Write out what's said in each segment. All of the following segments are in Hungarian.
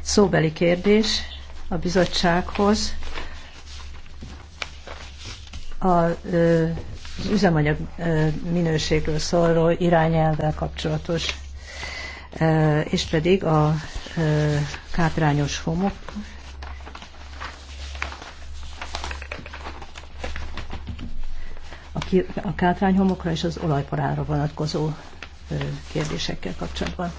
Szóbeli kérdés a bizottsághoz. A, az üzemanyag minőségről szóló irányelvvel kapcsolatos, és pedig a kátrányos homok a kátrányhomokra és az olajparára vonatkozó kérdésekkel kapcsolatban.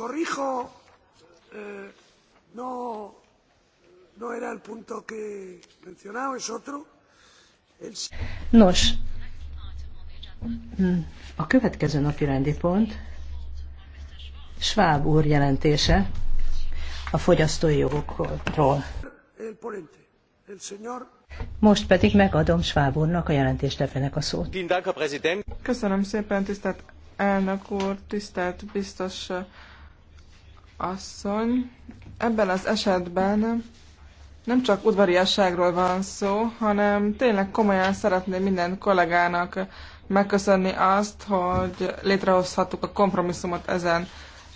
corrijo eh, no, no era el punto que mencionaba es otro el... nos mm, a következő napi rendi pont Schwab úr jelentése a fogyasztói jogokról. Most pedig megadom Schwab úrnak a jelentéstevőnek a szót. Köszönöm szépen, tisztelt elnök úr, tisztelt biztos asszony. Ebben az esetben nem csak udvariasságról van szó, hanem tényleg komolyan szeretném minden kollégának megköszönni azt, hogy létrehozhattuk a kompromisszumot ezen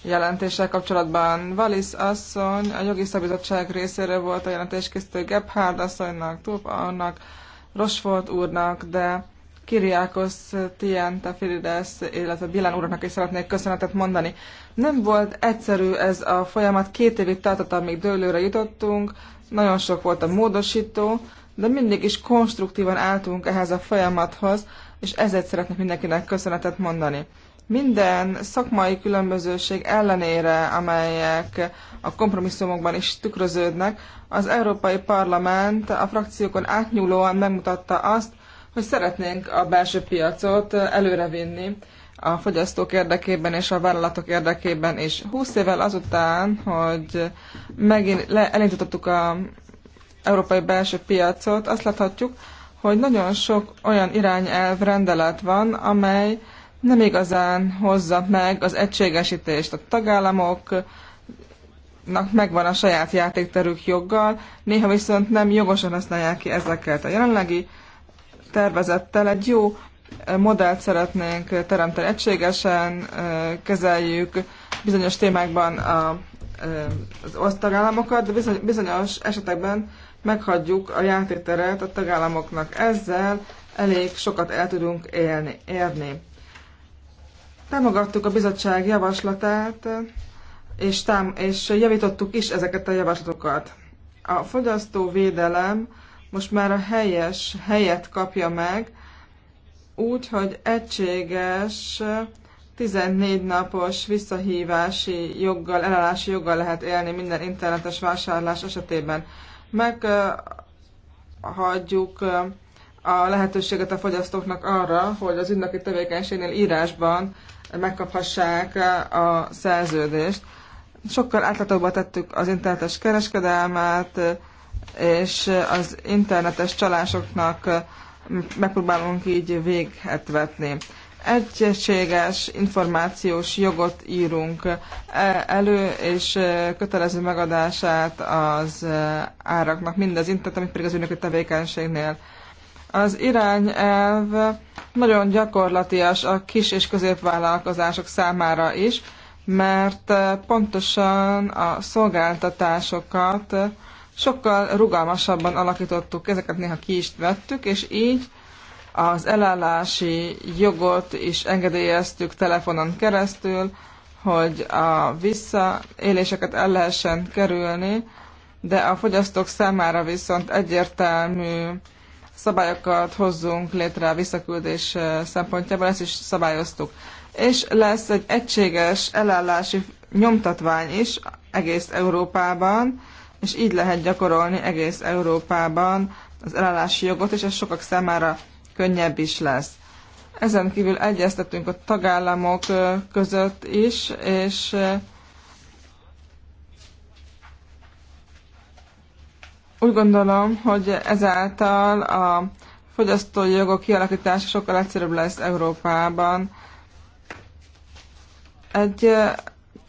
jelentéssel kapcsolatban. Valisz asszony a jogi szabizottság részéről volt a jelentéskészítő Gebhard asszonynak, Tup annak, Rosfolt úrnak, de Kiriakos Tien Filides, illetve Bilán úrnak is szeretnék köszönetet mondani. Nem volt egyszerű ez a folyamat, két évig tartott, amíg dőlőre jutottunk, nagyon sok volt a módosító, de mindig is konstruktívan álltunk ehhez a folyamathoz, és ezért szeretnék mindenkinek köszönetet mondani. Minden szakmai különbözőség ellenére, amelyek a kompromisszumokban is tükröződnek, az Európai Parlament a frakciókon átnyúlóan megmutatta azt, hogy szeretnénk a belső piacot előrevinni a fogyasztók érdekében és a vállalatok érdekében is. 20 évvel azután, hogy megint elindítottuk a európai belső piacot, azt láthatjuk, hogy nagyon sok olyan irányelv rendelet van, amely nem igazán hozza meg az egységesítést. A tagállamoknak megvan a saját játékterük joggal, néha viszont nem jogosan használják ki ezeket. A jelenlegi tervezettel egy jó modellt szeretnénk teremteni. Egységesen kezeljük bizonyos témákban a, az osztagállamokat, de bizonyos esetekben meghagyjuk a játéteret a tagállamoknak. Ezzel elég sokat el tudunk élni, érni. Támogattuk a bizottság javaslatát, és, tám- és javítottuk is ezeket a javaslatokat. A fogyasztóvédelem most már a helyes helyet kapja meg, úgy, hogy egységes 14 napos visszahívási joggal, elállási joggal lehet élni minden internetes vásárlás esetében. Meghagyjuk a lehetőséget a fogyasztóknak arra, hogy az ügynöki tevékenységnél írásban megkaphassák a szerződést. Sokkal átlátóbbá tettük az internetes kereskedelmet, és az internetes csalásoknak megpróbálunk így véghet vetni. Egységes információs jogot írunk e-, elő, és kötelező megadását az áraknak, mind az internet, amit pedig az ünnepi tevékenységnél. Az irányelv nagyon gyakorlatias a kis és középvállalkozások számára is, mert pontosan a szolgáltatásokat sokkal rugalmasabban alakítottuk, ezeket néha ki is vettük, és így az elállási jogot is engedélyeztük telefonon keresztül, hogy a visszaéléseket el lehessen kerülni, de a fogyasztók számára viszont egyértelmű szabályokat hozzunk létre a visszaküldés eh, szempontjából, ezt is szabályoztuk. És lesz egy egységes elállási nyomtatvány is egész Európában, és így lehet gyakorolni egész Európában az elállási jogot, és ez sokak számára könnyebb is lesz. Ezen kívül egyeztetünk a tagállamok között is, és úgy gondolom, hogy ezáltal a fogyasztói jogok kialakítása sokkal egyszerűbb lesz Európában. Egy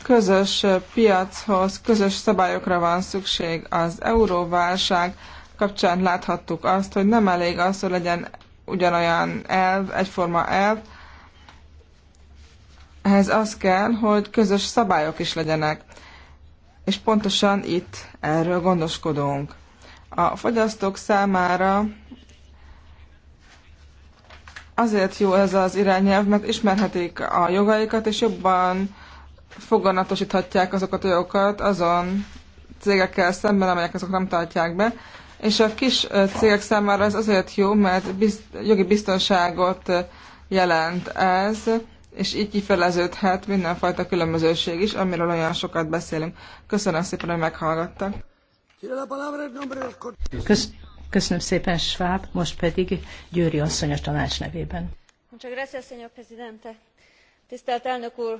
közös piachoz, közös szabályokra van szükség. Az euróválság kapcsán láthattuk azt, hogy nem elég az, hogy legyen ugyanolyan elv, egyforma elv, ehhez az kell, hogy közös szabályok is legyenek. És pontosan itt erről gondoskodunk. A fogyasztók számára azért jó ez az irányelv, mert ismerhetik a jogaikat, és jobban foganatosíthatják azokat a jogokat azon cégekkel szemben, amelyek azok nem tartják be. És a kis cégek számára ez azért jó, mert bizt, jogi biztonságot jelent ez, és így kifeleződhet mindenfajta különbözőség is, amiről olyan sokat beszélünk. Köszönöm szépen, hogy meghallgattak. Kösz, köszönöm szépen, Schwab, most pedig Győri asszony a tanács nevében. Tisztelt elnök úr,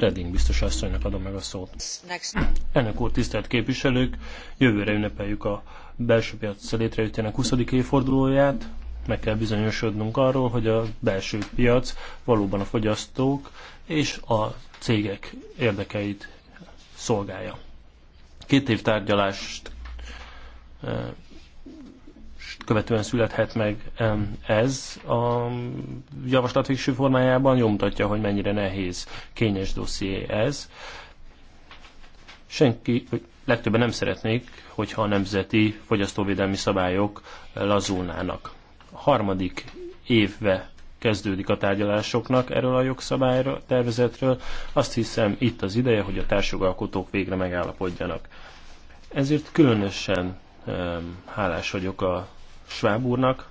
Redding biztos asszonynak adom meg a szót. Ennek úr, tisztelt képviselők, jövőre ünnepeljük a belső piac létrejöttének 20. évfordulóját. Meg kell bizonyosodnunk arról, hogy a belső piac valóban a fogyasztók és a cégek érdekeit szolgálja. Két év tárgyalást eh, követően születhet meg ez a javaslat végső formájában, nyomtatja, hogy mennyire nehéz, kényes dosszié ez. Senki, legtöbben nem szeretnék, hogyha a nemzeti fogyasztóvédelmi szabályok lazulnának. A harmadik évve kezdődik a tárgyalásoknak erről a jogszabályra, tervezetről. Azt hiszem, itt az ideje, hogy a társjogalkotók végre megállapodjanak. Ezért különösen hálás vagyok a Schwab úrnak,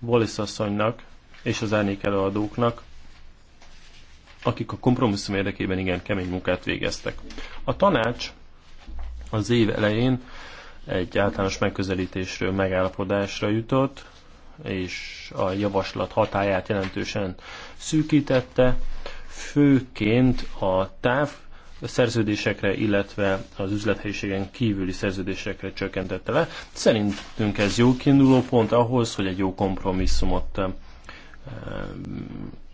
Wallis asszonynak és az árnyék előadóknak, akik a kompromisszum érdekében igen kemény munkát végeztek. A tanács az év elején egy általános megközelítésről megállapodásra jutott, és a javaslat hatáját jelentősen szűkítette, főként a táv szerződésekre, illetve az üzlethelyiségen kívüli szerződésekre csökkentette le. Szerintünk ez jó kiinduló pont ahhoz, hogy egy jó kompromisszumot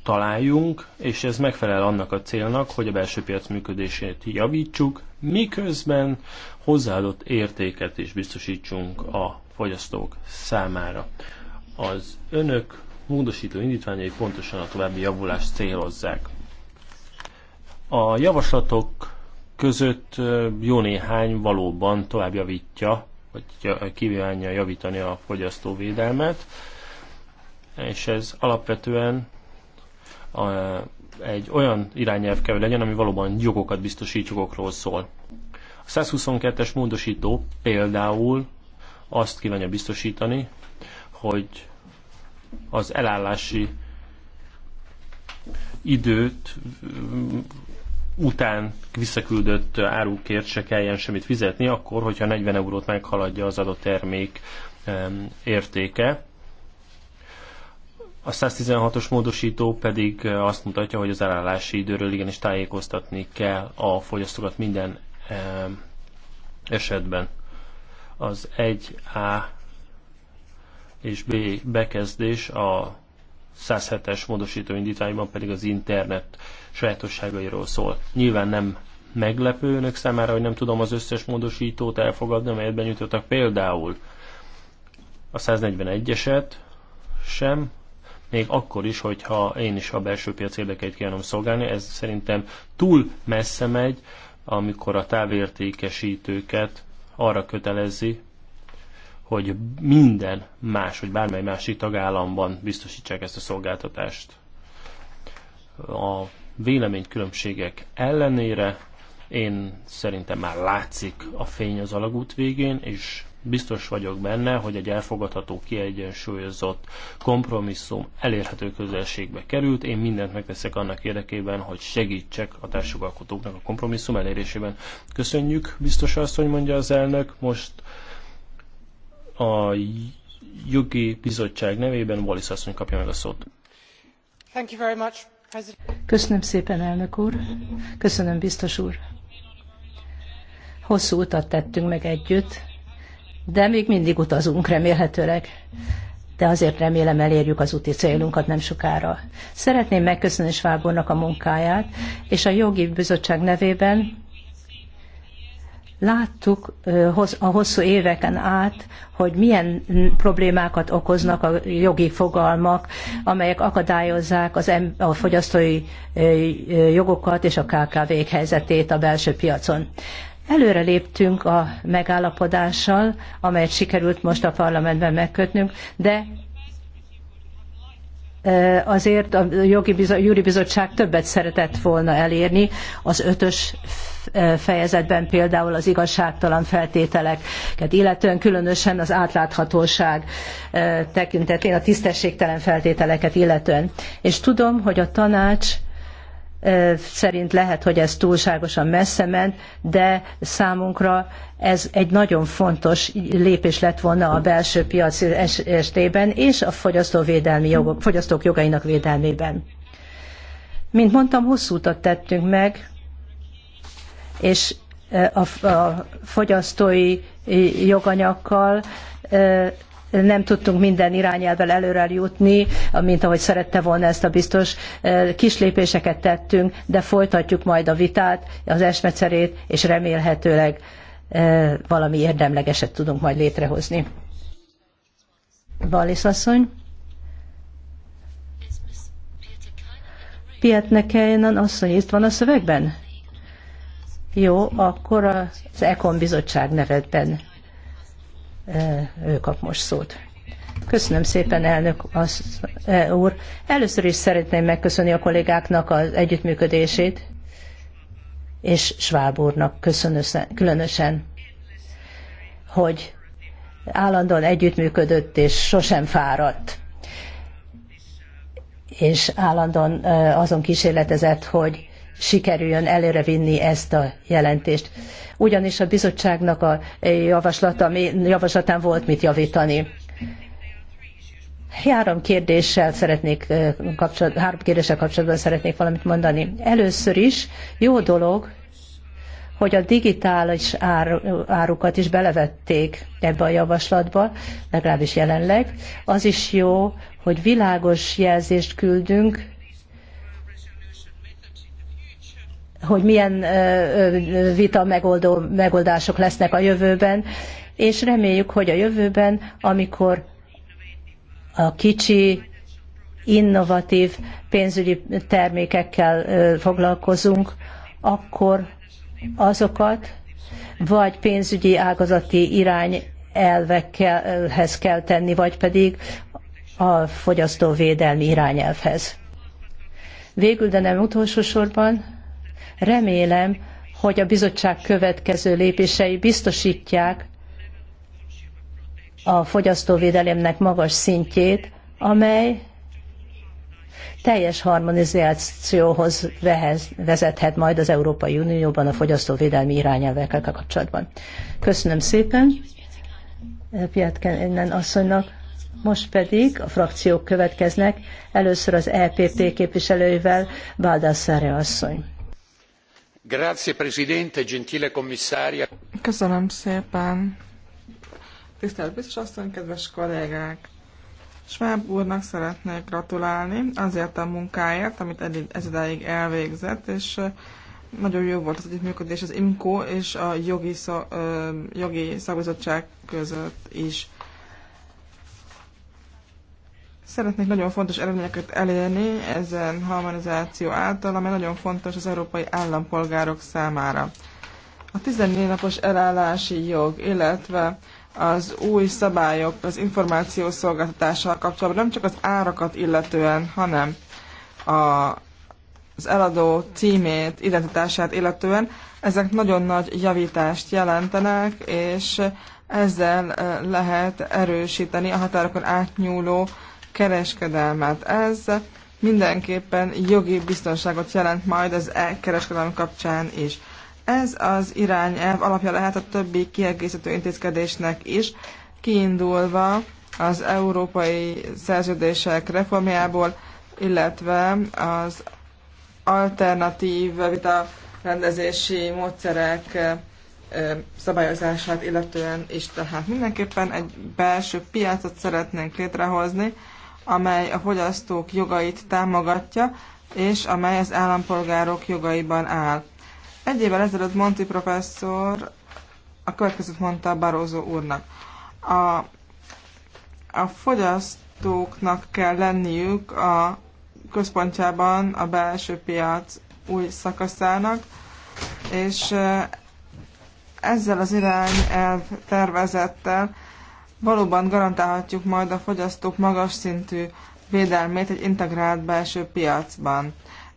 találjunk, és ez megfelel annak a célnak, hogy a belső piac működését javítsuk, miközben hozzáadott értéket is biztosítsunk a fogyasztók számára. Az önök módosító indítványai pontosan a további javulást célozzák. A javaslatok között jó néhány valóban tovább javítja, vagy kívánja javítani a fogyasztóvédelmet, és ez alapvetően a, egy olyan irányelv kell, hogy legyen, ami valóban jogokat biztosít, jogokról szól. A 122-es módosító például azt kívánja biztosítani, hogy az elállási időt után visszaküldött árukért se kelljen semmit fizetni, akkor, hogyha 40 eurót meghaladja az adott termék értéke. A 116-os módosító pedig eh, azt mutatja, hogy az elállási időről igenis tájékoztatni kell a fogyasztókat minden esetben. Az 1A és B bekezdés a 107-es módosító indítványban pedig az internet sajátosságairól szól. Nyilván nem meglepő önök számára, hogy nem tudom az összes módosítót elfogadni, amelyet benyújtottak például a 141-eset sem, még akkor is, hogyha én is a belső piac érdekeit kívánom szolgálni, ez szerintem túl messze megy, amikor a távértékesítőket arra kötelezi, hogy minden más, vagy bármely másik tagállamban biztosítsák ezt a szolgáltatást. A véleménykülönbségek ellenére én szerintem már látszik a fény az alagút végén, és biztos vagyok benne, hogy egy elfogadható, kiegyensúlyozott kompromisszum elérhető közelségbe került. Én mindent megteszek annak érdekében, hogy segítsek a társadalkotóknak a kompromisszum elérésében. Köszönjük, biztos hogy mondja az elnök. Most a jogi bizottság nevében Wallis asszony kapja meg a szót. Thank you very much, Köszönöm szépen, elnök úr. Köszönöm, biztos úr. Hosszú utat tettünk meg együtt, de még mindig utazunk remélhetőleg de azért remélem elérjük az úti célunkat nem sokára. Szeretném megköszönni Svábornak a munkáját, és a jogi bizottság nevében Láttuk a hosszú éveken át, hogy milyen problémákat okoznak a jogi fogalmak, amelyek akadályozzák az em- a fogyasztói jogokat és a KKV-k helyzetét a belső piacon. Előre léptünk a megállapodással, amelyet sikerült most a parlamentben megkötnünk, de azért a jogi bizo- júri bizottság többet szeretett volna elérni az ötös fejezetben például az igazságtalan feltételeket, illetően különösen az átláthatóság tekintetén a tisztességtelen feltételeket illetően. És tudom, hogy a tanács szerint lehet, hogy ez túlságosan messze ment, de számunkra ez egy nagyon fontos lépés lett volna a belső piac estében és a fogyasztóvédelmi jogok, fogyasztók jogainak védelmében. Mint mondtam, hosszú utat tettünk meg, és a, fogyasztói joganyakkal nem tudtunk minden irányelvel előre jutni, mint ahogy szerette volna ezt a biztos. Kislépéseket tettünk, de folytatjuk majd a vitát, az esmecserét, és remélhetőleg valami érdemlegeset tudunk majd létrehozni. Ballis asszony. Pietne asszony itt van a szövegben? Jó, akkor az Ekon bizottság nevedben ő kap most szót. Köszönöm szépen, elnök az, e, úr. Először is szeretném megköszönni a kollégáknak az együttműködését, és Schwab úrnak különösen, hogy állandóan együttműködött és sosem fáradt. És állandóan azon kísérletezett, hogy sikerüljön előrevinni ezt a jelentést. Ugyanis a bizottságnak a javaslata, javaslatán volt mit javítani. Három kérdéssel szeretnék kapcsolat, három kérdéssel kapcsolatban szeretnék valamit mondani. Először is jó dolog, hogy a digitális árukat is belevették ebbe a javaslatba, legalábbis jelenleg. Az is jó, hogy világos jelzést küldünk hogy milyen vita megoldó, megoldások lesznek a jövőben, és reméljük, hogy a jövőben, amikor a kicsi, innovatív pénzügyi termékekkel foglalkozunk, akkor azokat vagy pénzügyi ágazati irány kell tenni, vagy pedig a fogyasztóvédelmi irányelvhez. Végül, de nem utolsó sorban, Remélem, hogy a bizottság következő lépései biztosítják a fogyasztóvédelemnek magas szintjét, amely teljes harmonizációhoz vezethet majd az Európai Unióban a fogyasztóvédelmi irányelvekkel kapcsolatban. Köszönöm szépen Piatkenen asszonynak. Most pedig a frakciók következnek, először az EPP képviselőivel Baldassare asszony. Köszönöm szépen. Tisztelt biztos asszony, kedves kollégák! Schwab úrnak szeretnék gratulálni azért a munkáért, amit eddig, ez elvégzett, és nagyon jó volt az együttműködés az IMCO és a jogi, szak, jogi szakbizottság között is. Szeretnék nagyon fontos eredményeket elérni ezen harmonizáció által, amely nagyon fontos az európai állampolgárok számára. A 14 napos elállási jog, illetve az új szabályok az információszolgáltatással kapcsolatban nem csak az árakat illetően, hanem a, az eladó címét, identitását illetően, ezek nagyon nagy javítást jelentenek, és ezzel eh, lehet erősíteni a határokon átnyúló kereskedelmet. Ez mindenképpen jogi biztonságot jelent majd az e-kereskedelem kapcsán is. Ez az irányelv alapja lehet a többi kiegészítő intézkedésnek is, kiindulva az európai szerződések reformjából, illetve az alternatív vita rendezési módszerek szabályozását illetően is. Tehát mindenképpen egy belső piacot szeretnénk létrehozni, amely a fogyasztók jogait támogatja, és amely az állampolgárok jogaiban áll. Egy évvel ezelőtt Monti professzor a következőt mondta Barózó úrnak. A, a fogyasztóknak kell lenniük a központjában a belső piac új szakaszának, és eh, ezzel az irányelv tervezettel valóban garantálhatjuk majd a fogyasztók magas szintű védelmét egy integrált belső piacban.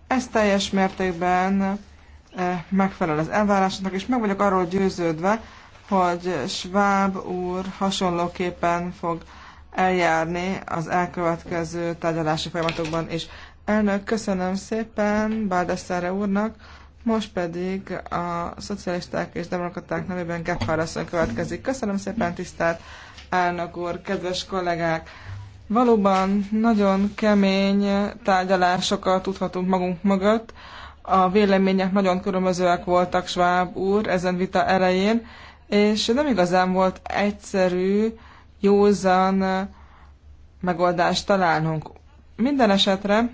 Ez teljes mértékben eh, megfelel az elvárásnak, és meg vagyok arról győződve, hogy Schwab úr hasonlóképpen fog eljárni az elkövetkező tárgyalási folyamatokban is. Elnök, köszönöm szépen Báldeszára úrnak, most pedig a szocialisták és demokraták nevében Gephardt következik. Köszönöm szépen, tisztelt elnök úr, kedves kollégák! Valóban nagyon kemény tárgyalásokat tudhatunk magunk mögött. A vélemények nagyon különbözőek voltak, Schwab úr, ezen vita elején, és nem igazán volt egyszerű, józan megoldást találnunk. Minden esetre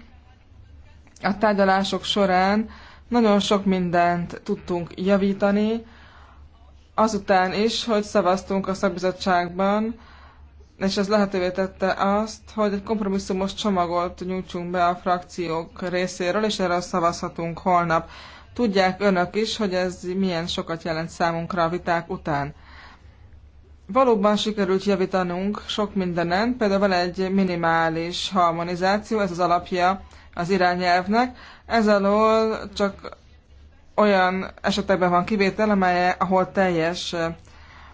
a tárgyalások során nagyon sok mindent tudtunk javítani, azután is, hogy szavaztunk a szakbizottságban, és ez lehetővé tette azt, hogy egy kompromisszumos csomagot nyújtsunk be a frakciók részéről, és erről szavazhatunk holnap. Tudják önök is, hogy ez milyen sokat jelent számunkra a viták után. Valóban sikerült javítanunk sok mindenen, például van egy minimális harmonizáció, ez az alapja az irányelvnek. Ez alól csak olyan esetekben van kivétel, amely, ahol teljes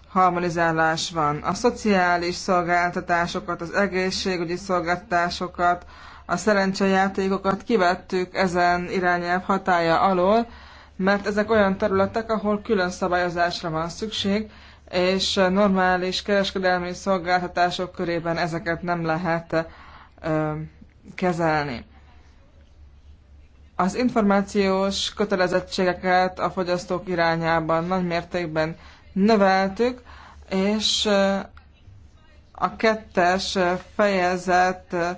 harmonizálás van. A szociális szolgáltatásokat, az egészségügyi szolgáltatásokat, a szerencsejátékokat kivettük ezen irányelv hatája alól, mert ezek olyan területek, ahol külön szabályozásra van szükség, és normális kereskedelmi szolgáltatások körében ezeket nem lehet ö, kezelni. Az információs kötelezettségeket a fogyasztók irányában nagy mértékben növeltük, és eh, a kettes eh, fejezet eh,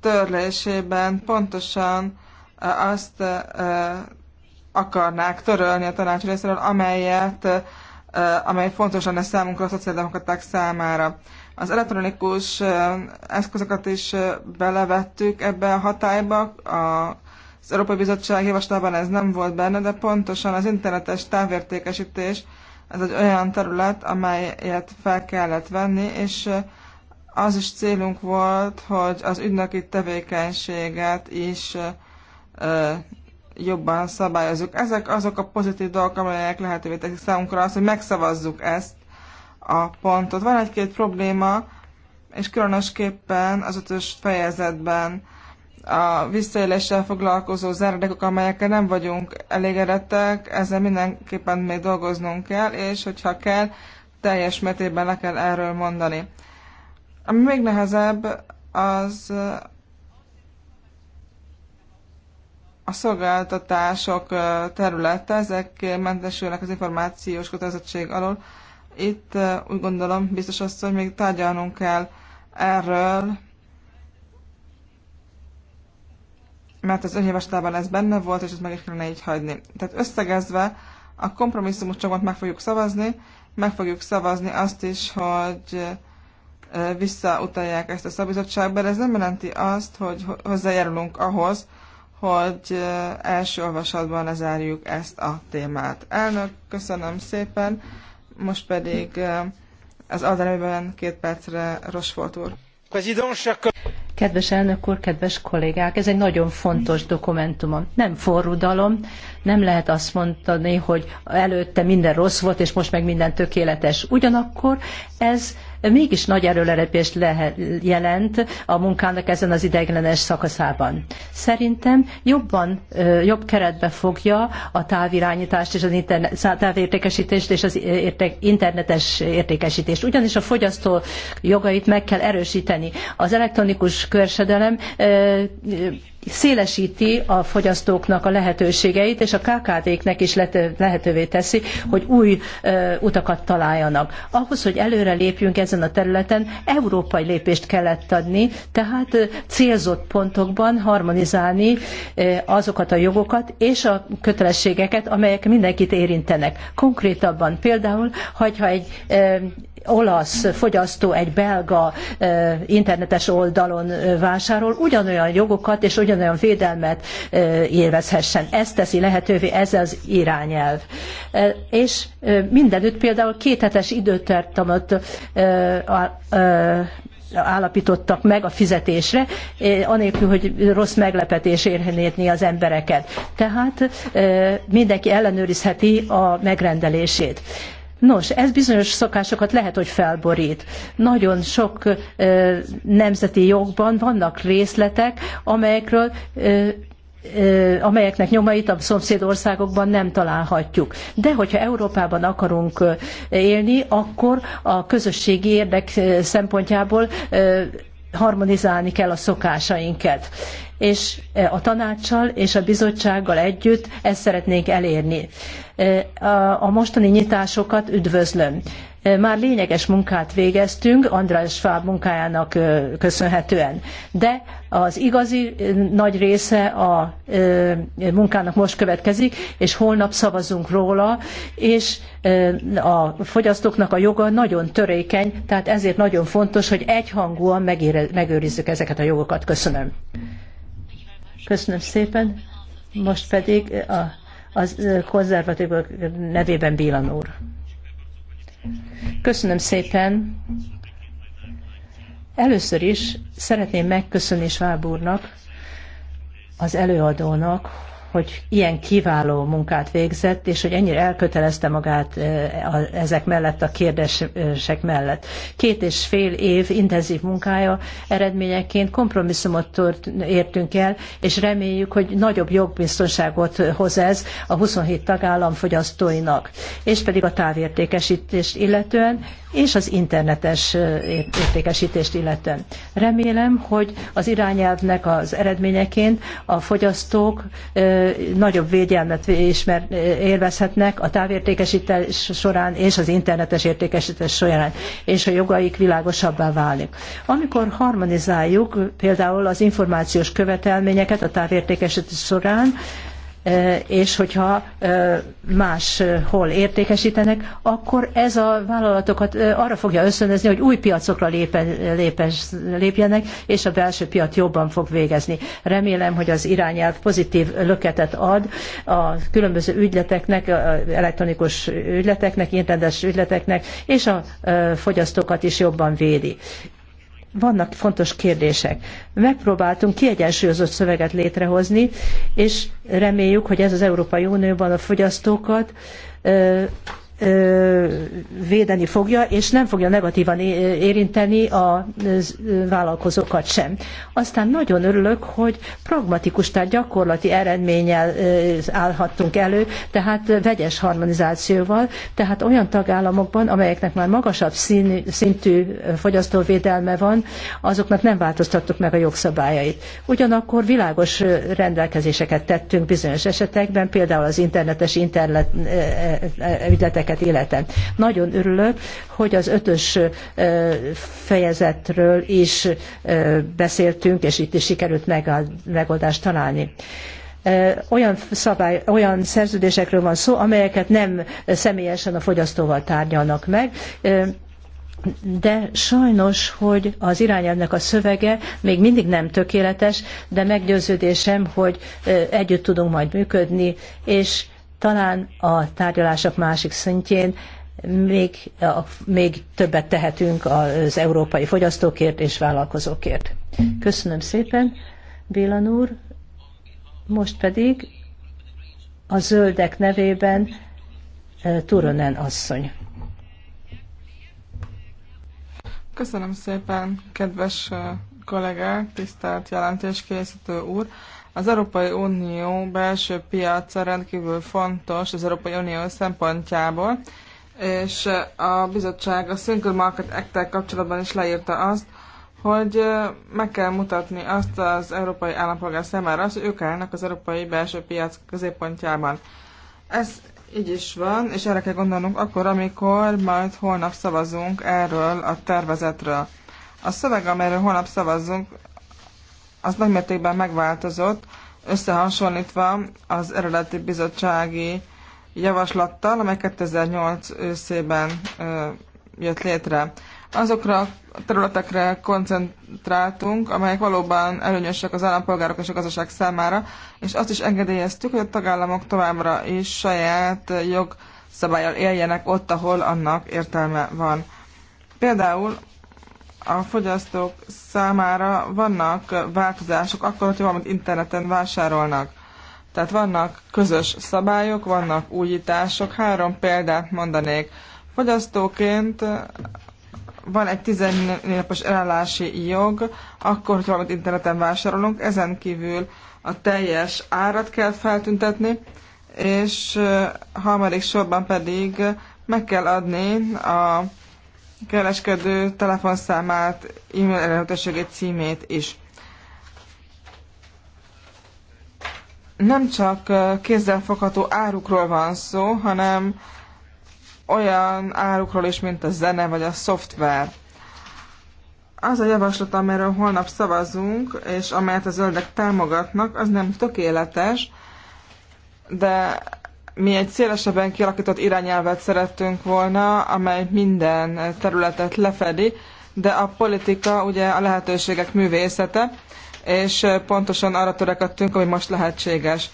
törlésében pontosan azt akarnák törölni a tanács részéről, amelyet, amely fontos lenne számunkra a szociáldemokraták számára. Az elektronikus eszközöket is belevettük ebbe a hatályba, a az Európai Bizottság javaslatában ez nem volt benne, de pontosan az internetes távértékesítés ez egy olyan terület, amelyet fel kellett venni, és az is célunk volt, hogy az ügynöki tevékenységet is jobban szabályozzuk. Ezek azok a pozitív dolgok, amelyek lehetővé teszik számunkra azt, hogy megszavazzuk ezt a pontot. Van egy-két probléma, és különösképpen az ötös fejezetben a visszaéléssel foglalkozó záradékok, amelyekkel nem vagyunk elégedettek, ezzel mindenképpen még dolgoznunk kell, és hogyha kell, teljes mértékben le kell erről mondani. Ami még nehezebb, az a szolgáltatások területe, ezek mentesülnek az információs kötelezettség alól. Itt eh, úgy gondolom, biztos azt, hogy még tárgyalnunk kell erről, mert az önjavaslatában ez benne volt, és ezt meg kellene így hagyni. Tehát összegezve a kompromisszumos csomagot meg fogjuk szavazni, meg fogjuk szavazni azt is, hogy visszautalják ezt a szabizottságba, de ez nem jelenti azt, hogy hozzájárulunk ahhoz, hogy első olvasatban lezárjuk ezt a témát. Elnök, köszönöm szépen, most pedig az adályban két percre Rosfolt úr. Kedves elnök úr, kedves kollégák, ez egy nagyon fontos dokumentum. Nem forrudalom, nem lehet azt mondani, hogy előtte minden rossz volt, és most meg minden tökéletes. Ugyanakkor ez mégis nagy előrelépést jelent a munkának ezen az ideiglenes szakaszában. Szerintem jobban, jobb keretbe fogja a távirányítást és az internet, távértékesítést és az internetes értékesítést. Ugyanis a fogyasztó jogait meg kell erősíteni. Az elektronikus körsedelem szélesíti a fogyasztóknak a lehetőségeit, és a KKV-knek is lehetővé teszi, hogy új utakat találjanak. Ahhoz, hogy előre lépjünk ezen a területen, európai lépést kellett adni, tehát célzott pontokban harmonizálni azokat a jogokat és a kötelességeket, amelyek mindenkit érintenek. Konkrétabban például, hogyha egy olasz fogyasztó egy belga internetes oldalon vásárol, ugyanolyan jogokat és ugyanolyan védelmet élvezhessen. Ezt teszi lehetővé ez az irányelv. És mindenütt például kéthetes időtartamot állapítottak meg a fizetésre, anélkül, hogy rossz meglepetés érhetné az embereket. Tehát mindenki ellenőrizheti a megrendelését. Nos, ez bizonyos szokásokat lehet, hogy felborít. Nagyon sok nemzeti jogban vannak részletek, amelyekről amelyeknek nyomait a szomszéd országokban nem találhatjuk. De hogyha Európában akarunk élni, akkor a közösségi érdek szempontjából harmonizálni kell a szokásainkat és e, a tanácssal és a bizottsággal együtt ezt szeretnénk elérni. E, a mostani nyitásokat üdvözlöm. E, már lényeges munkát végeztünk, András Schwab munkájának köszönhetően, de az igazi nagy része a munkának most következik, és holnap szavazunk róla, és a fogyasztóknak a joga nagyon törékeny, tehát ezért nagyon fontos, hogy egyhangúan megőrizzük ezeket a jogokat. Köszönöm. Köszönöm szépen. Most pedig a, az konzervatívok nevében Bílan úr. Köszönöm szépen. Először is szeretném megköszönni Schwab úrnak, az előadónak, hogy ilyen kiváló munkát végzett, és hogy ennyire elkötelezte magát ezek mellett, a kérdések mellett. Két és fél év intenzív munkája eredményeként kompromisszumot értünk el, és reméljük, hogy nagyobb jogbiztonságot hoz ez a 27 tagállam fogyasztóinak, és pedig a távértékesítést illetően, és az internetes értékesítést illetően. Remélem, hogy az irányelvnek az eredményeként a fogyasztók nagyobb védelmet ismer, élvezhetnek a távértékesítés során és az internetes értékesítés során, és a jogaik világosabbá válik. Amikor harmonizáljuk például az információs követelményeket a távértékesítés során, Eh, és hogyha eh, máshol értékesítenek, akkor ez a vállalatokat eh, arra fogja összönözni, hogy új piacokra lépen, lépes, lépjenek, és a belső piac jobban fog végezni. Remélem, hogy az irányelv pozitív löketet ad a különböző ügyleteknek, elektronikus ügyleteknek, internetes ügyleteknek, és a fogyasztókat is jobban védi vannak fontos kérdések. Megpróbáltunk kiegyensúlyozott szöveget létrehozni, és reméljük, hogy ez az Európai Unióban a fogyasztókat védeni fogja, és nem fogja negatívan érinteni a vállalkozókat sem. Aztán nagyon örülök, hogy pragmatikus, tehát gyakorlati eredménnyel állhattunk elő, tehát vegyes harmonizációval, tehát olyan tagállamokban, amelyeknek már magasabb szintű fogyasztóvédelme van, azoknak nem változtattuk meg a jogszabályait. Ugyanakkor világos rendelkezéseket tettünk bizonyos esetekben, például az internetes internet, ügyletek embereket életen. Nagyon örülök, hogy az ötös fejezetről is beszéltünk, és itt is sikerült megoldást találni olyan, szabály, olyan szerződésekről van szó, amelyeket nem személyesen a fogyasztóval tárgyalnak meg, de sajnos, hogy az irányelvnek a szövege még mindig nem tökéletes, de meggyőződésem, hogy együtt tudunk majd működni, és talán a tárgyalások másik szintjén még, még többet tehetünk az európai fogyasztókért és vállalkozókért. Köszönöm szépen, Bélan úr. Most pedig a zöldek nevében e, Turonen asszony. Köszönöm szépen, kedves e, kollégák, tisztelt jelentéskészítő úr. Az Európai Unió belső piaca rendkívül fontos az Európai Unió szempontjából, és a bizottság a Single Market act kapcsolatban is leírta azt, hogy meg kell mutatni azt az európai állampolgár számára, azt, hogy ők állnak az európai belső piac középpontjában. Ez így is van, és erre kell gondolnunk akkor, amikor majd holnap szavazunk erről a tervezetről. A szöveg, amelyről holnap szavazzunk, az nagymértékben megváltozott, összehasonlítva az eredeti bizottsági javaslattal, amely 2008 őszében jött létre. Azokra a területekre koncentráltunk, amelyek valóban előnyösek az állampolgárok és a gazdaság számára, és azt is engedélyeztük, hogy a tagállamok továbbra is saját jogszabályal éljenek ott, ahol annak értelme van. Például a fogyasztók számára vannak változások akkor, hogyha valamit interneten vásárolnak. Tehát vannak közös szabályok, vannak újítások. Három példát mondanék. Fogyasztóként van egy 14 napos elállási jog, akkor, hogyha valamit interneten vásárolunk, ezen kívül a teljes árat kell feltüntetni, és harmadik sorban pedig meg kell adni a kereskedő telefonszámát, e-mail elérhetőségét, címét is. Nem csak kézzelfogható árukról van szó, hanem olyan árukról is, mint a zene vagy a szoftver. Az a javaslat, amiről holnap szavazunk, és amelyet a zöldek támogatnak, az nem tökéletes, de mi egy szélesebben kialakított irányelvet szerettünk volna, amely minden területet lefedi, de a politika ugye a lehetőségek művészete, és pontosan arra törekedtünk, ami most lehetséges.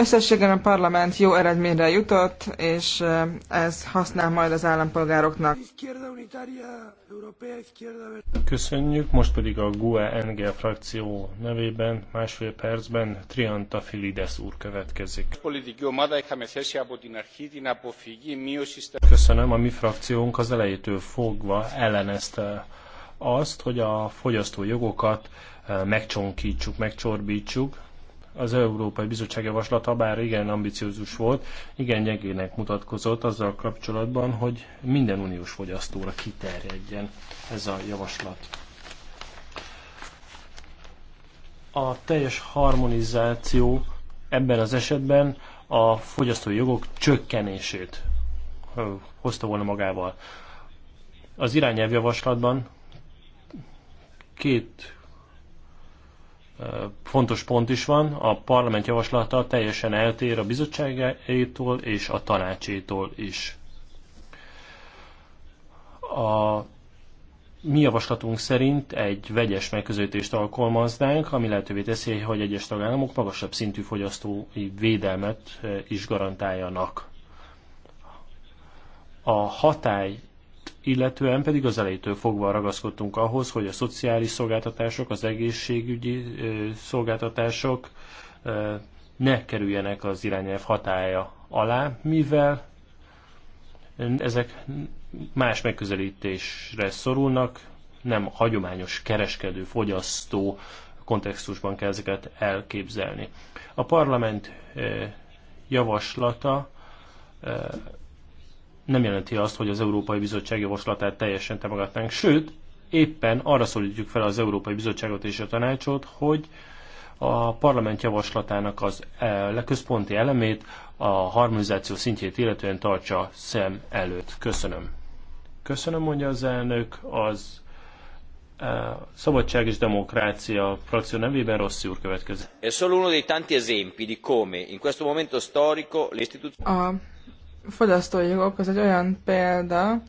Összességében a parlament jó eredményre jutott, és ez használ majd az állampolgároknak. Köszönjük, most pedig a GUE NGL frakció nevében másfél percben Trianta Filides úr következik. Köszönöm, a mi frakciónk az elejétől fogva ellenezte azt, hogy a fogyasztói jogokat megcsonkítsuk, megcsorbítsuk, az Európai Bizottság javaslata, bár igen ambiciózus volt, igen gyengének mutatkozott azzal kapcsolatban, hogy minden uniós fogyasztóra kiterjedjen ez a javaslat. A teljes harmonizáció ebben az esetben a fogyasztói jogok csökkenését hozta volna magával. Az irányelvjavaslatban két fontos pont is van, a parlament javaslata teljesen eltér a bizottságétól és a tanácsétól is. A mi javaslatunk szerint egy vegyes megközelítést alkalmaznánk, ami lehetővé teszi, hogy egyes tagállamok magasabb szintű fogyasztói védelmet is garantáljanak. A hatály illetően pedig az elejétől fogva ragaszkodtunk ahhoz, hogy a szociális szolgáltatások, az egészségügyi szolgáltatások ne kerüljenek az irányelv hatája alá, mivel ezek más megközelítésre szorulnak, nem a hagyományos kereskedő, fogyasztó kontextusban kell ezeket elképzelni. A parlament javaslata nem jelenti azt, hogy az Európai Bizottság javaslatát teljesen támogatnánk, sőt, éppen arra szólítjuk fel az Európai Bizottságot és a tanácsot, hogy a parlament javaslatának az e, központi elemét, a harmonizáció szintjét illetően tartsa szem előtt. Köszönöm. Köszönöm, mondja az elnök, az e, Szabadság és Demokrácia frakció nevében Rossi úr következik. A fogyasztói jogok az egy olyan példa,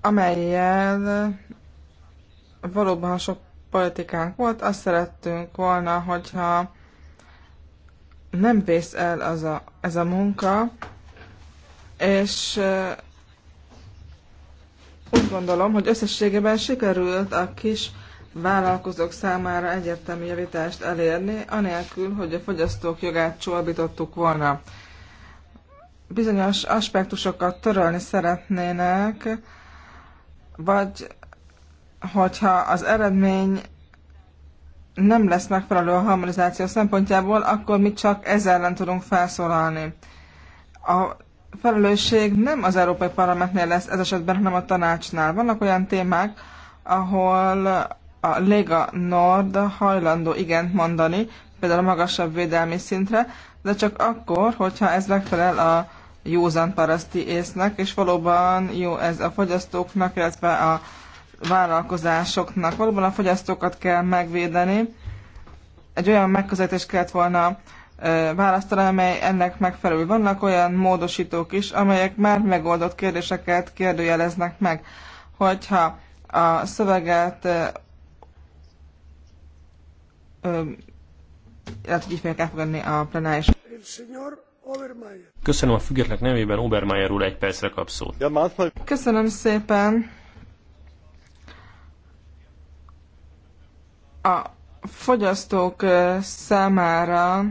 amelyel valóban sok politikánk volt, azt szerettünk volna, hogyha nem vész el az a, ez a munka, és úgy gondolom, hogy összességében sikerült a kis vállalkozók számára egyértelmű javítást elérni, anélkül, hogy a fogyasztók jogát csorbítottuk volna bizonyos aspektusokat törölni szeretnének, vagy hogyha az eredmény nem lesz megfelelő a harmonizáció szempontjából, akkor mi csak ezzel ellen tudunk felszólalni. A felelősség nem az Európai Parlamentnél lesz ez esetben, hanem a tanácsnál. Vannak olyan témák, ahol a Lega Nord hajlandó igent mondani, például a magasabb védelmi szintre, de csak akkor, hogyha ez megfelel a józan paraszti észnek, és valóban jó ez a fogyasztóknak, illetve a vállalkozásoknak. Valóban a fogyasztókat kell megvédeni. Egy olyan megközelítést kellett volna választani, amely ennek megfelelő. Vannak olyan módosítók is, amelyek már megoldott kérdéseket kérdőjeleznek meg. Hogyha a szöveget illetve így fogják elfogadni a plenáris. Köszönöm a függetlenek nevében, Obermeyer úr egy percre kap szót. Köszönöm szépen. A fogyasztók számára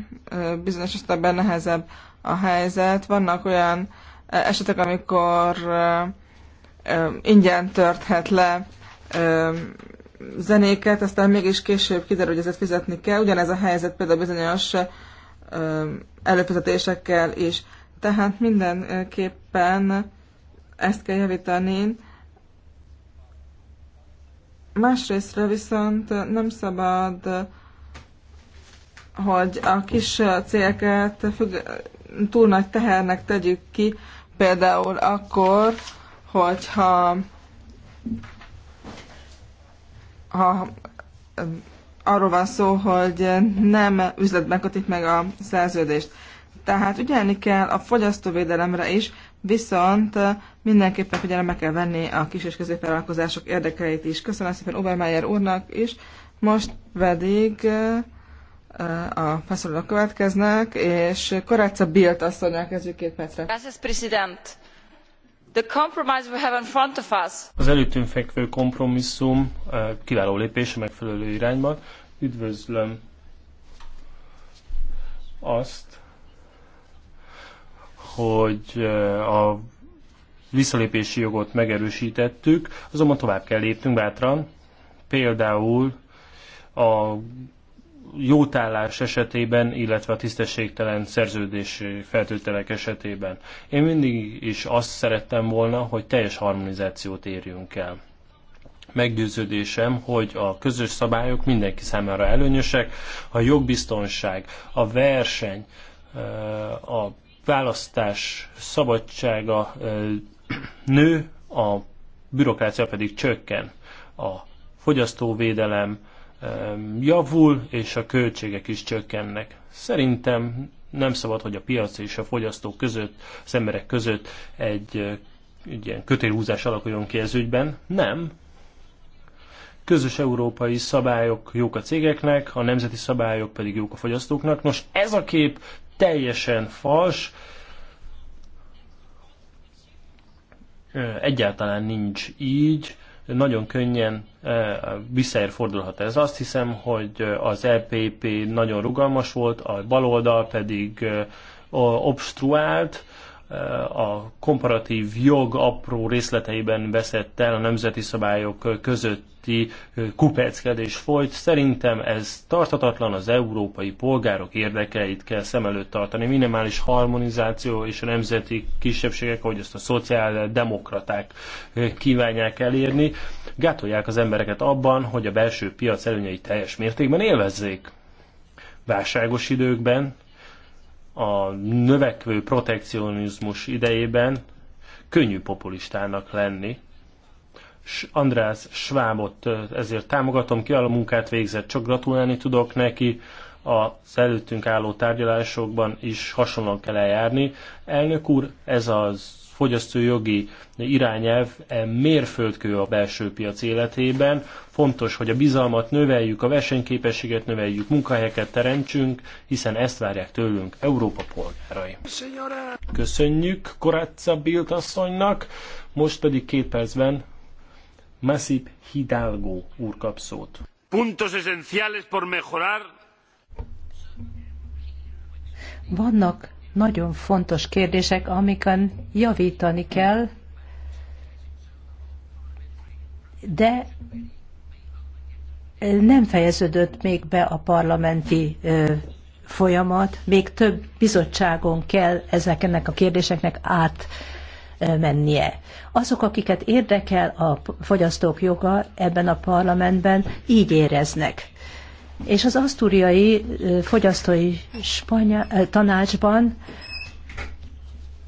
bizonyos esetben nehezebb a helyzet. Vannak olyan esetek, amikor ingyen törthet le zenéket, aztán mégis később kiderül, hogy ezért fizetni kell. Ugyanez a helyzet például bizonyos előfizetésekkel is. Tehát mindenképpen ezt kell javítani. Másrésztről viszont nem szabad, hogy a kis cégeket függ, túl nagy tehernek tegyük ki, például akkor, hogyha ha arról van szó, hogy nem üzletben kötik meg a szerződést. Tehát ügyelni kell a fogyasztóvédelemre is, viszont mindenképpen figyelembe kell venni a kis és középvállalkozások érdekeit is. Köszönöm szépen Obermeyer úrnak is. Most pedig eh, a felszólalók következnek, és Koráca Bilt asszonynál kezdjük két percre. Gracias, president. Az előttünk fekvő kompromisszum eh, kiváló lépés a megfelelő irányba. Üdvözlöm azt, hogy eh, a visszalépési jogot megerősítettük, azonban tovább kell lépnünk bátran. Például a jótállás esetében, illetve a tisztességtelen szerződés feltételek esetében. Én mindig is azt szerettem volna, hogy teljes harmonizációt érjünk el. Meggyőződésem, hogy a közös szabályok mindenki számára előnyösek, a jogbiztonság, a verseny, a választás szabadsága nő, a bürokrácia pedig csökken. A fogyasztóvédelem, javul, és a költségek is csökkennek. Szerintem nem szabad, hogy a piac és a fogyasztók között, az emberek között egy, egy ilyen kötélhúzás alakuljon ki ez ügyben. Nem. Közös európai szabályok jók a cégeknek, a nemzeti szabályok pedig jók a fogyasztóknak. Nos, ez a kép teljesen fals, egyáltalán nincs így nagyon könnyen eh, visszaérfordulhat ez. Azt hiszem, hogy eh, az EPP nagyon rugalmas volt, a baloldal pedig eh, obstruált, a komparatív jog apró részleteiben veszett el a nemzeti szabályok közötti kupeckedés folyt. Szerintem ez tartatatlan, az európai polgárok érdekeit kell szem előtt tartani. Minimális harmonizáció és a nemzeti kisebbségek, ahogy ezt a szociáldemokraták kívánják elérni, gátolják az embereket abban, hogy a belső piac előnyeit teljes mértékben élvezzék. Válságos időkben a növekvő protekcionizmus idejében könnyű populistának lenni. András Schwabot ezért támogatom, ki a munkát végzett, csak gratulálni tudok neki, az előttünk álló tárgyalásokban is hasonlóan kell eljárni. Elnök úr, ez az fogyasztójogi irányelv e mérföldkő a belső piac életében. Fontos, hogy a bizalmat növeljük, a versenyképességet növeljük, munkahelyeket teremtsünk, hiszen ezt várják tőlünk Európa polgárai. Köszönjük Korácsa Bilt asszonynak, most pedig két percben Massip Hidalgo úr kap szót. Puntos esenciales por mejorar vannak nagyon fontos kérdések, amiken javítani kell, de nem fejeződött még be a parlamenti folyamat, még több bizottságon kell ezeknek a kérdéseknek át mennie. Azok, akiket érdekel a fogyasztók joga ebben a parlamentben, így éreznek és az asztúriai fogyasztói spanya, tanácsban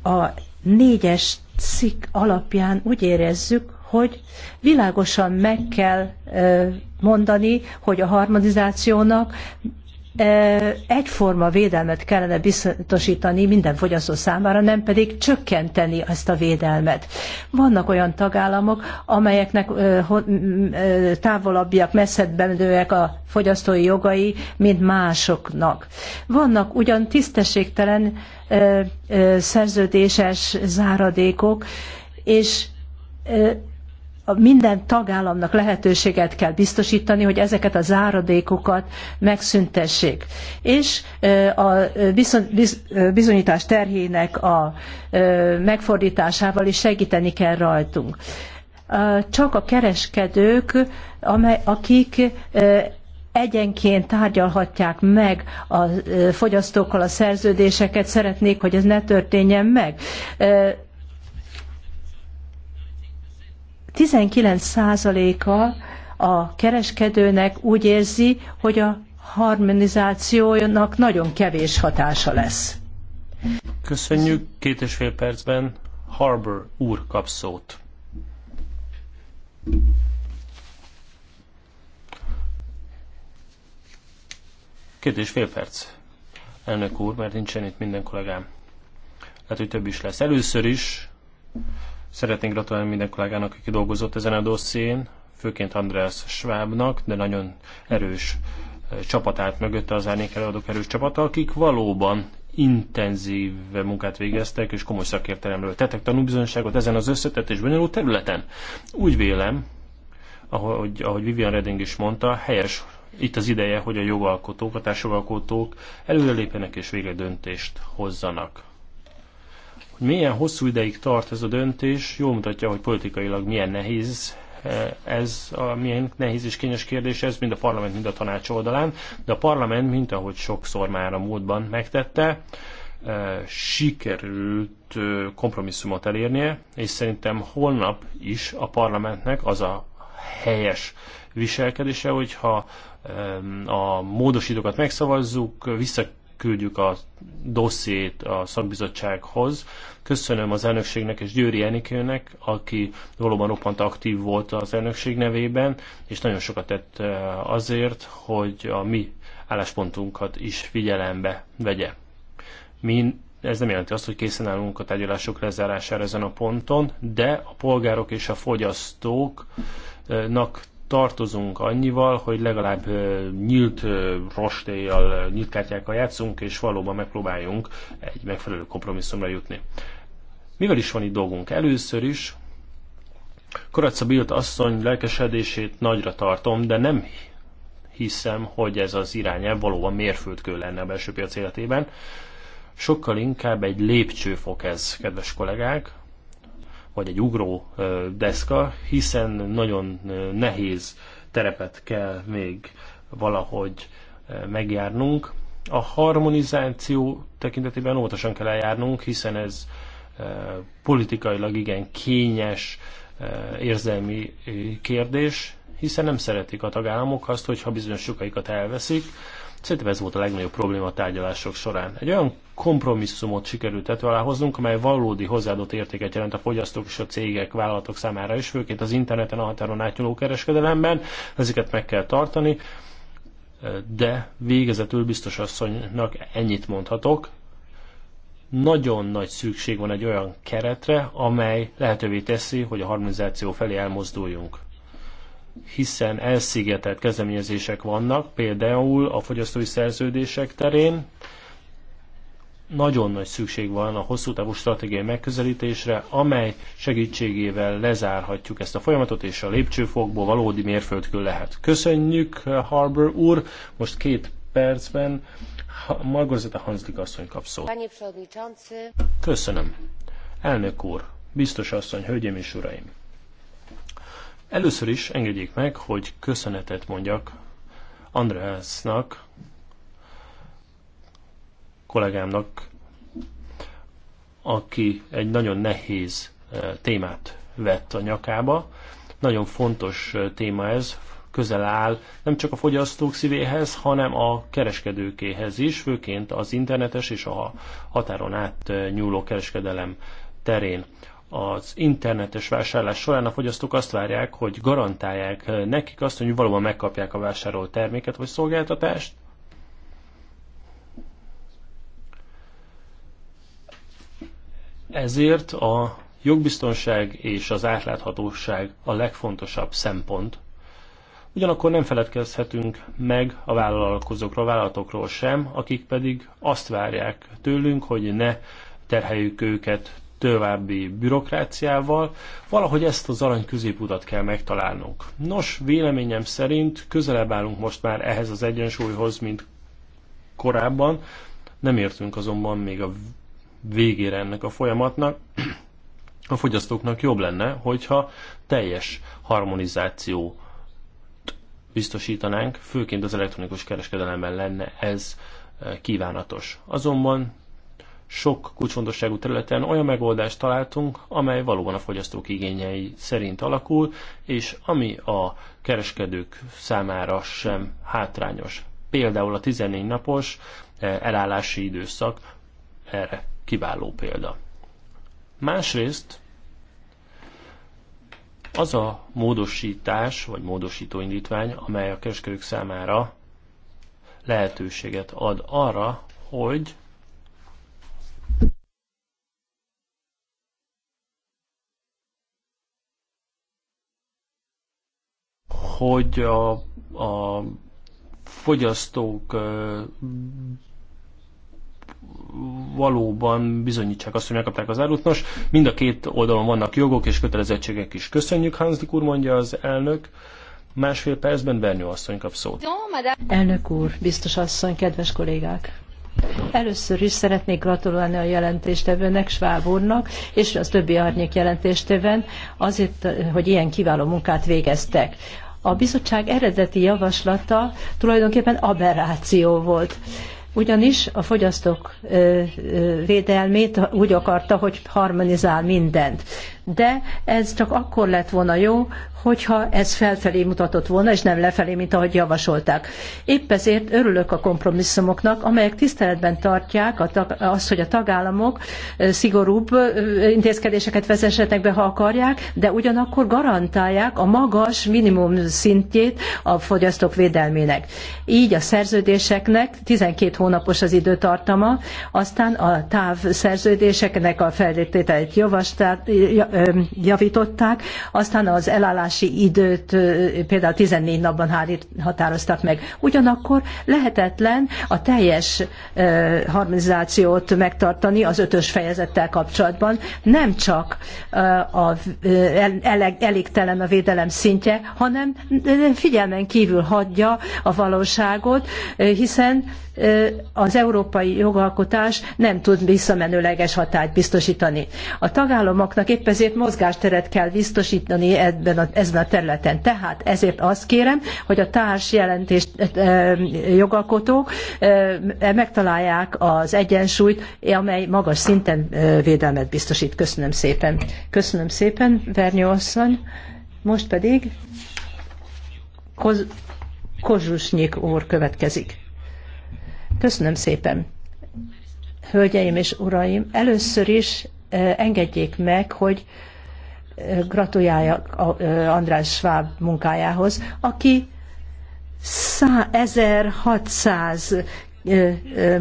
a négyes cikk alapján úgy érezzük, hogy világosan meg kell mondani, hogy a harmonizációnak egyforma védelmet kellene biztosítani minden fogyasztó számára, nem pedig csökkenteni ezt a védelmet. Vannak olyan tagállamok, amelyeknek távolabbiak, messzebb a fogyasztói jogai, mint másoknak. Vannak ugyan tisztességtelen szerződéses záradékok, és minden tagállamnak lehetőséget kell biztosítani, hogy ezeket a záradékokat megszüntessék. És a bizonyítás terhének a megfordításával is segíteni kell rajtunk. Csak a kereskedők, akik egyenként tárgyalhatják meg a fogyasztókkal a szerződéseket, szeretnék, hogy ez ne történjen meg 19%-a a kereskedőnek úgy érzi, hogy a harmonizációnak nagyon kevés hatása lesz. Köszönjük, két és fél percben Harbour úr kap szót. Két és fél perc, elnök úr, mert nincsen itt minden kollégám. Lehet, hogy több is lesz. Először is Szeretnék gratulálni minden kollégának, aki dolgozott ezen a dosszién, főként András Schwabnak, de nagyon erős eh, csapat állt mögötte az árnyék előadók erős csapata, akik valóban intenzív munkát végeztek, és komoly szakértelemről tettek tanúbizonyságot ezen az összetett és bonyolult területen. Úgy vélem, ahogy, ahogy Vivian Redding is mondta, helyes itt az ideje, hogy a jogalkotók, a társjogalkotók előrelépjenek és végre döntést hozzanak. Hogy milyen hosszú ideig tart ez a döntés, jól mutatja, hogy politikailag milyen nehéz eh, ez a milyen nehéz és kényes kérdés ez, mind a parlament, mind a tanács oldalán, de a parlament, mint ahogy sokszor már a múltban megtette, eh, sikerült eh, kompromisszumot elérnie, és szerintem holnap is a parlamentnek az a helyes viselkedése, hogyha a módosítókat megszavazzuk, vissza küldjük a dossziét a szakbizottsághoz. Köszönöm az elnökségnek és Győri Enikőnek, aki valóban roppant aktív volt az elnökség nevében, és nagyon sokat tett eh, azért, hogy a mi álláspontunkat is figyelembe vegye. Mi ez nem jelenti azt, hogy készen állunk a tárgyalások lezárására ezen a ponton, de a polgárok és a fogyasztóknak tartozunk annyival, hogy legalább nyílt rostéjjal, nyílt kártyákkal játszunk, és valóban megpróbáljunk egy megfelelő kompromisszumra jutni. Mivel is van itt dolgunk? Először is Koraca Bilt asszony lelkesedését nagyra tartom, de nem hiszem, hogy ez az irányelv valóban mérföldkő lenne a belső piac életében. Sokkal inkább egy lépcsőfok ez, kedves kollégák, vagy egy ugró deszka, hiszen nagyon nehéz terepet kell még valahogy megjárnunk. A harmonizáció tekintetében óvatosan kell eljárnunk, hiszen ez politikailag igen kényes érzelmi kérdés, hiszen nem szeretik a tagállamok azt, hogyha bizonyos sokaikat elveszik, Szerintem ez volt a legnagyobb probléma a tárgyalások során. Egy olyan kompromisszumot sikerült hoznunk, amely valódi hozzáadott értéket jelent a fogyasztók és a cégek, vállalatok számára is, főként az interneten, a határon átnyúló kereskedelemben. Ezeket meg kell tartani, de végezetül biztos asszonynak ennyit mondhatok, nagyon nagy szükség van egy olyan keretre, amely lehetővé teszi, hogy a harmonizáció felé elmozduljunk hiszen elszigetelt kezdeményezések vannak, például a fogyasztói szerződések terén, nagyon nagy szükség van a hosszú távú stratégiai megközelítésre, amely segítségével lezárhatjuk ezt a folyamatot, és a lépcsőfokból valódi mérföldkő lehet. Köszönjük, Harbour úr! Most két percben Margozeta Hanslik asszony kap szót. Köszönöm. Elnök úr, biztos asszony, hölgyeim és uraim! Először is engedjék meg, hogy köszönetet mondjak Andrásnak, kollégámnak, aki egy nagyon nehéz eh, témát vett a nyakába. Nagyon fontos eh, téma ez, közel áll nem csak a fogyasztók szívéhez, hanem a kereskedőkéhez is, főként az internetes és a határon át eh, nyúló kereskedelem terén az internetes vásárlás során a fogyasztók azt várják, hogy garantálják eh, nekik azt, hogy valóban megkapják a vásárolt terméket vagy szolgáltatást. Ezért a jogbiztonság és az átláthatóság a legfontosabb szempont. Ugyanakkor nem feledkezhetünk meg a vállalkozókról, a vállalatokról sem, akik pedig azt várják tőlünk, hogy ne terheljük őket további bürokráciával, valahogy ezt az arany középutat kell megtalálnunk. Nos, véleményem szerint közelebb állunk most már ehhez az egyensúlyhoz, mint korábban, nem értünk azonban még a végére ennek a folyamatnak. A fogyasztóknak jobb lenne, hogyha teljes harmonizáció biztosítanánk, főként az elektronikus kereskedelemben lenne ez eh, kívánatos. Azonban sok kulcsfontosságú területen olyan megoldást találtunk, amely valóban a fogyasztók igényei szerint alakul, és ami a kereskedők számára sem hátrányos. Például a 14 napos eh, elállási időszak erre kiváló példa. Másrészt az a módosítás vagy módosító indítvány, amely a kereskedők számára lehetőséget ad arra, hogy hogy a, a fogyasztók valóban bizonyítsák azt, hogy megkapták az árut. Nos, mind a két oldalon vannak jogok és kötelezettségek is. Köszönjük, Hanslik úr, mondja az elnök. Másfél percben Bernyó asszony kap szót. Elnök úr, biztos asszony, kedves kollégák! Először is szeretnék gratulálni a jelentéstevőnek, Schwab úrnak, és az többi árnyék jelentéstevőn azért, hogy ilyen kiváló munkát végeztek. A bizottság eredeti javaslata tulajdonképpen aberráció volt. Ugyanis a fogyasztók védelmét úgy akarta, hogy harmonizál mindent de ez csak akkor lett volna jó, hogyha ez felfelé mutatott volna, és nem lefelé, mint ahogy javasolták. Épp ezért örülök a kompromisszumoknak, amelyek tiszteletben tartják azt, hogy a tagállamok szigorúbb intézkedéseket vezessenek be, ha akarják, de ugyanakkor garantálják a magas minimum szintjét a fogyasztók védelmének. Így a szerződéseknek 12 hónapos az időtartama, aztán a távszerződéseknek a feltételeit javították, aztán az elállási időt például 14 napban határoztak meg. Ugyanakkor lehetetlen a teljes harmonizációt megtartani az ötös fejezettel kapcsolatban, nem csak a, elégtelen a védelem szintje, hanem figyelmen kívül hagyja a valóságot, hiszen az európai jogalkotás nem tud visszamenőleges hatályt biztosítani. A tagállamoknak épp ezért ezért mozgásteret kell biztosítani ebben a, ezen a területen. Tehát ezért azt kérem, hogy a társ jelentést eh, eh, jogalkotók eh, megtalálják az egyensúlyt, amely magas szinten védelmet biztosít. Köszönöm szépen. Köszönöm szépen, Vernyó asszony. Most pedig Koz- Kozsusnyik úr következik. Köszönöm szépen. Hölgyeim és uraim, először is engedjék meg, hogy gratuláljak András Schwab munkájához, aki 1600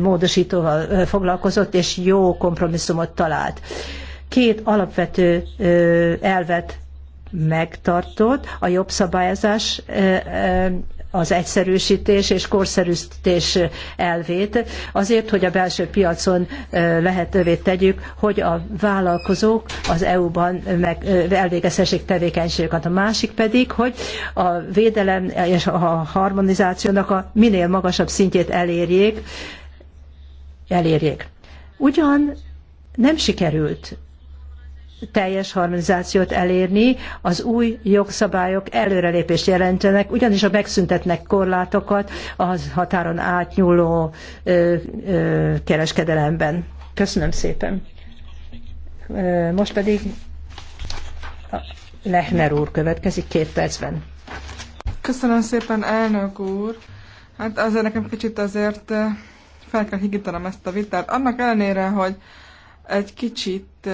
módosítóval foglalkozott, és jó kompromisszumot talált. Két alapvető elvet megtartott, a jobb szabályozás az egyszerűsítés és korszerűsítés elvét, azért, hogy a belső piacon lehetővé tegyük, hogy a vállalkozók az EU-ban meg, elvégezhessék tevékenységüket. A másik pedig, hogy a védelem és a harmonizációnak a minél magasabb szintjét elérjék, elérjék. Ugyan nem sikerült teljes harmonizációt elérni, az új jogszabályok előrelépést jelentenek, ugyanis a megszüntetnek korlátokat a határon átnyúló ö, ö, kereskedelemben. Köszönöm szépen. Most pedig Lechner úr következik két percben. Köszönöm szépen, elnök úr. Hát azért nekem kicsit azért fel kell higítanom ezt a vitát. Annak ellenére, hogy egy kicsit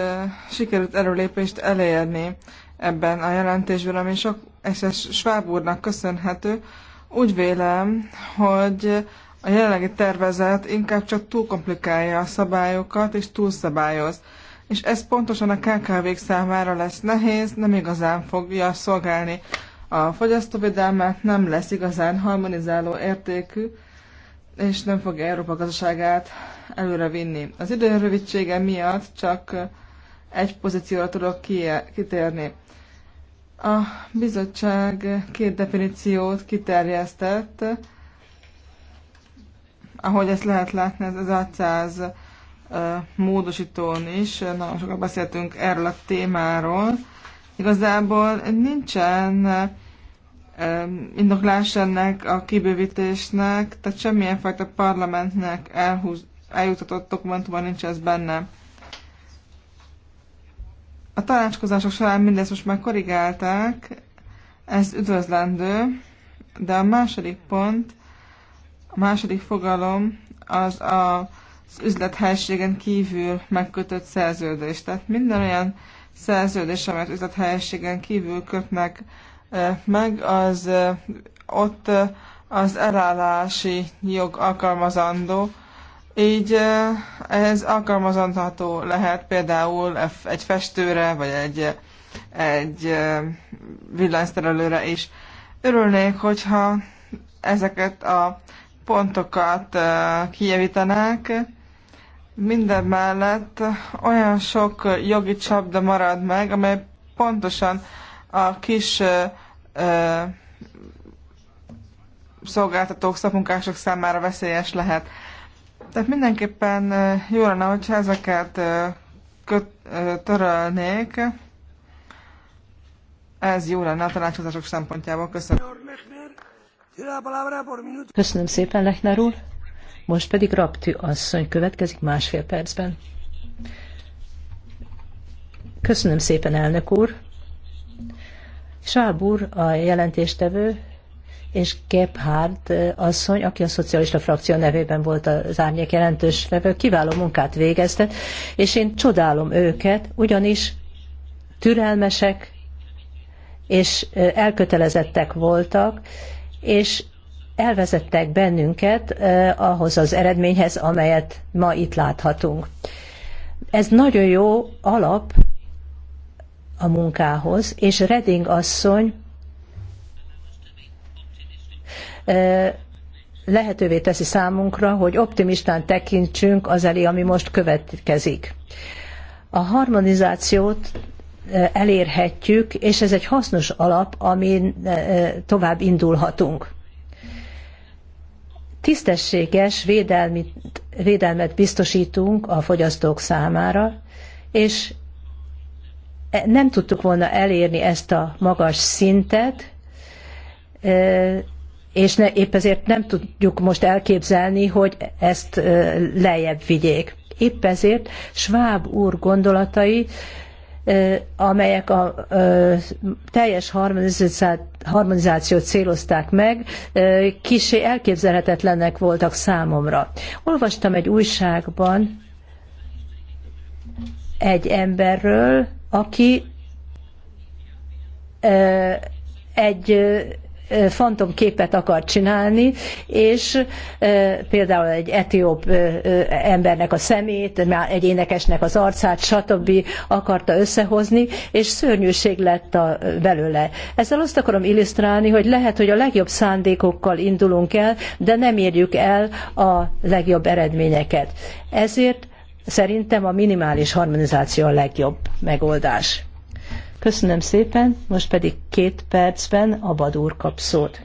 sikerült erőlépést elérni ebben a jelentésben, ami sok SS Schwab úrnak köszönhető. Úgy vélem, hogy a jelenlegi tervezet inkább csak túl komplikálja a szabályokat és túlszabályoz. És ez pontosan a KKV-k számára lesz nehéz, nem igazán fogja szolgálni a fogyasztóvédelmet, nem lesz igazán harmonizáló értékű, és nem fogja Európa gazdaságát előre vinni. Az idő rövidsége miatt csak egy pozícióra tudok kitérni. A bizottság két definíciót kiterjesztett, ahogy ezt lehet látni, ez az 600 módosítón is, nagyon sokat beszéltünk erről a témáról. Igazából nincsen indoklás ennek a kibővítésnek, tehát semmilyen fajta parlamentnek elhúz, eljutatott dokumentumban nincs ez benne. A tanácskozások során mindezt most már korrigálták, ez üdvözlendő, de a második pont, a második fogalom az a, az üzlethelységen kívül megkötött szerződés. Tehát minden olyan szerződés, amelyet üzlethelységen kívül kötnek meg, az ott az elállási jog alkalmazandó, így ez alkalmazható lehet például egy festőre, vagy egy, egy villanyszerelőre is. Örülnék, hogyha ezeket a pontokat kijavítanák. Minden mellett olyan sok jogi csapda marad meg, amely pontosan a kis szolgáltatók, szakmunkások számára veszélyes lehet. Tehát mindenképpen jó lenne, hogyha ezeket köt, törölnék. Ez jó lenne a tanácsozások szempontjából. Köszönöm. Köszönöm szépen, Lechner úr. Most pedig Rapti asszony következik másfél percben. Köszönöm szépen, elnök úr. Sáb úr, a jelentéstevő, és Gebhard asszony, aki a szocialista frakció nevében volt az árnyék jelentős levő, kiváló munkát végeztet, és én csodálom őket, ugyanis türelmesek és elkötelezettek voltak, és elvezettek bennünket ahhoz az eredményhez, amelyet ma itt láthatunk. Ez nagyon jó alap a munkához, és Reding asszony lehetővé teszi számunkra, hogy optimistán tekintsünk az elé, ami most következik. A harmonizációt elérhetjük, és ez egy hasznos alap, amin tovább indulhatunk. Tisztességes védelmet biztosítunk a fogyasztók számára, és e, nem tudtuk volna elérni ezt a magas szintet, és ne, épp ezért nem tudjuk most elképzelni, hogy ezt lejjebb vigyék. Épp ezért Schwab úr gondolatai amelyek a teljes harmonizációt célozták meg, kisé elképzelhetetlenek voltak számomra. Olvastam egy újságban egy emberről, aki egy fantomképet akar csinálni, és például egy etióp embernek a szemét, egy énekesnek az arcát, stb. akarta összehozni, és szörnyűség lett a, belőle. Ezzel azt akarom illusztrálni, hogy lehet, hogy a legjobb szándékokkal indulunk el, de nem érjük el a legjobb eredményeket. Ezért szerintem a minimális harmonizáció a legjobb megoldás. Köszönöm szépen, most pedig két percben a úr kap szót.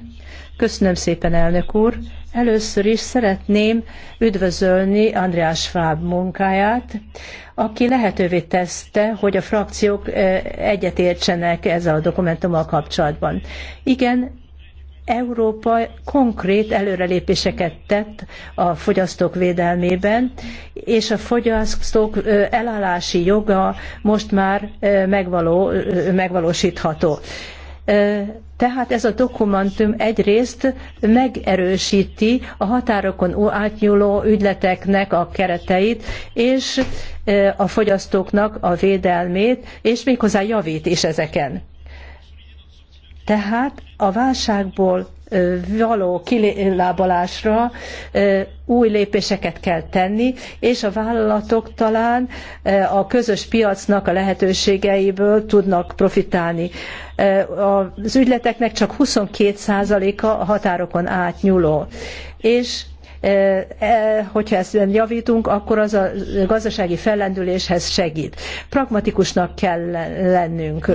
Köszönöm szépen, elnök úr. Először is szeretném üdvözölni András Schwab munkáját, aki lehetővé tette, hogy a frakciók eh, egyetértsenek ezzel a dokumentummal kapcsolatban. Igen, Európa konkrét előrelépéseket tett a fogyasztók védelmében, és a fogyasztók elállási joga most már megvaló, megvalósítható. Tehát ez a dokumentum egyrészt megerősíti a határokon átnyúló ügyleteknek a kereteit, és a fogyasztóknak a védelmét, és méghozzá javít is ezeken. Tehát a válságból való kilábalásra új lépéseket kell tenni, és a vállalatok talán a közös piacnak a lehetőségeiből tudnak profitálni. Az ügyleteknek csak 22%-a a határokon átnyúló, és E, hogyha ezt javítunk, akkor az a gazdasági fellendüléshez segít. Pragmatikusnak kell lennünk.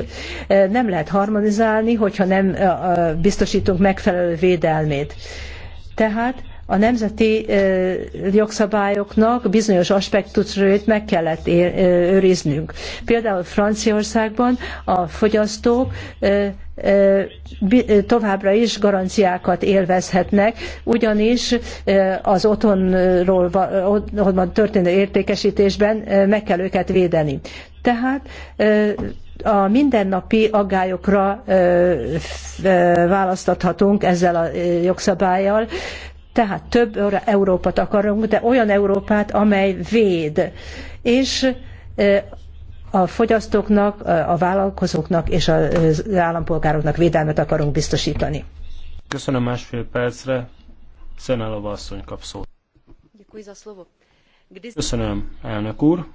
Nem lehet harmonizálni, hogyha nem biztosítunk megfelelő védelmét. Tehát a nemzeti jogszabályoknak bizonyos aspektusait meg kellett őriznünk. Például Franciaországban a fogyasztók továbbra is garanciákat élvezhetnek, ugyanis az otthonról otthonban történő értékesítésben meg kell őket védeni. Tehát a mindennapi aggályokra választathatunk ezzel a jogszabályjal, tehát több Európát akarunk, de olyan Európát, amely véd. És a fogyasztóknak, a vállalkozóknak és az állampolgároknak védelmet akarunk biztosítani. Köszönöm másfél percre. Szenálova asszony kap szót. Köszönöm, elnök úr.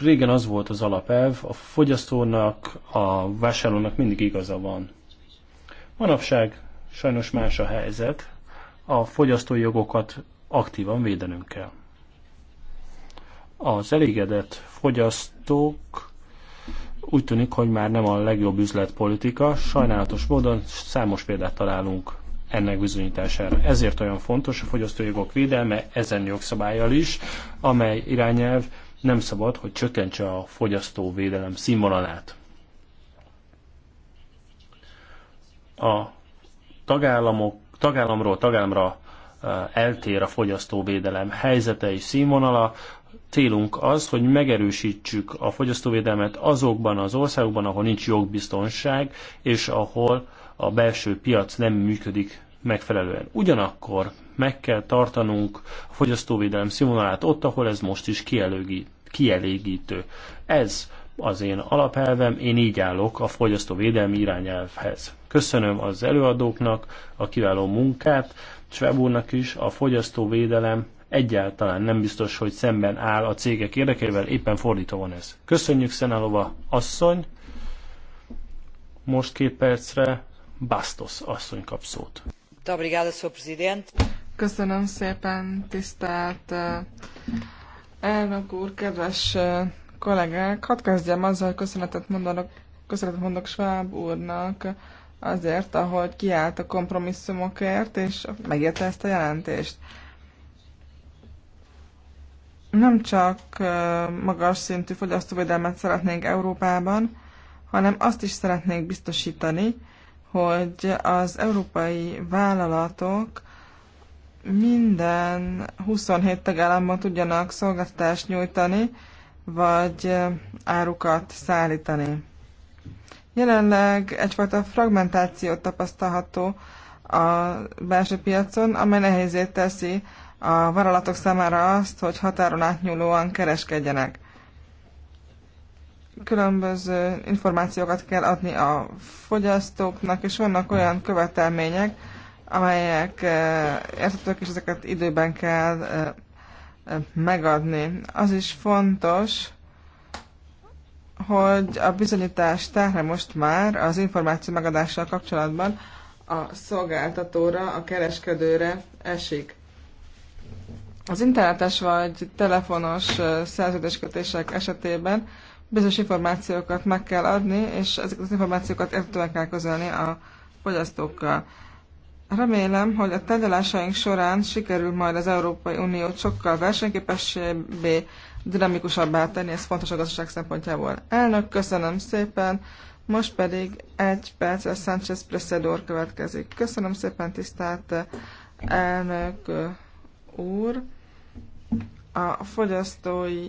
Régen az volt az alapelv, a fogyasztónak, a vásárlónak mindig igaza van. Manapság sajnos más a helyzet, a fogyasztói jogokat aktívan védenünk kell. Az elégedett fogyasztók úgy tűnik, hogy már nem a legjobb üzletpolitika, sajnálatos módon számos példát találunk ennek bizonyítására. Ezért olyan fontos a fogyasztói jogok védelme ezen jogszabályjal is, amely irányelv nem szabad, hogy csökkentse a fogyasztóvédelem színvonalát. a tagállamok, tagállamról tagállamra eltér a fogyasztóvédelem helyzete és színvonala. Célunk az, hogy megerősítsük a fogyasztóvédelmet azokban az országokban, ahol nincs jogbiztonság, és ahol a belső piac nem működik megfelelően. Ugyanakkor meg kell tartanunk a fogyasztóvédelem színvonalát ott, ahol ez most is kielégítő. Ez az én alapelvem, én így állok a fogyasztóvédelmi irányelvhez. Köszönöm az előadóknak a kiváló munkát, Schwab úrnak is a fogyasztóvédelem egyáltalán nem biztos, hogy szemben áll a cégek érdekével, éppen fordítva van ez. Köszönjük Szenálova asszony, most két percre Bastos asszony kap szót. Köszönöm szépen, tisztelt eh, elnök úr, kedves eh, kollégák, hadd kezdjem azzal, hogy köszönetet mondanak, köszönetet mondok Schwab úrnak azért, ahogy kiállt a kompromisszumokért, és megérte ezt a jelentést. Nem csak magas szintű fogyasztóvédelmet szeretnénk Európában, hanem azt is szeretnénk biztosítani, hogy az európai vállalatok minden 27 tagállamban tudjanak szolgáltatást nyújtani, vagy árukat szállítani. Jelenleg egyfajta fragmentáció tapasztalható a belső piacon, amely nehézé teszi a vállalatok számára azt, hogy határon átnyúlóan kereskedjenek. Különböző információkat kell adni a fogyasztóknak, és vannak olyan követelmények, amelyek érthetők, és ezeket időben kell megadni. Az is fontos, hogy a bizonyítás terhe most már az információ megadással kapcsolatban a szolgáltatóra, a kereskedőre esik. Az internetes vagy telefonos szerződéskötések esetében bizonyos információkat meg kell adni, és ezeket az információkat értően kell közölni a fogyasztókkal. Remélem, hogy a tárgyalásaink során sikerül majd az Európai Uniót sokkal versenyképesebbé, dinamikusabbá tenni, ez fontos a gazdaság szempontjából. Elnök, köszönöm szépen, most pedig egy percre Sánchez Presedor következik. Köszönöm szépen, tisztelt eh, elnök eh, úr! a fogyasztói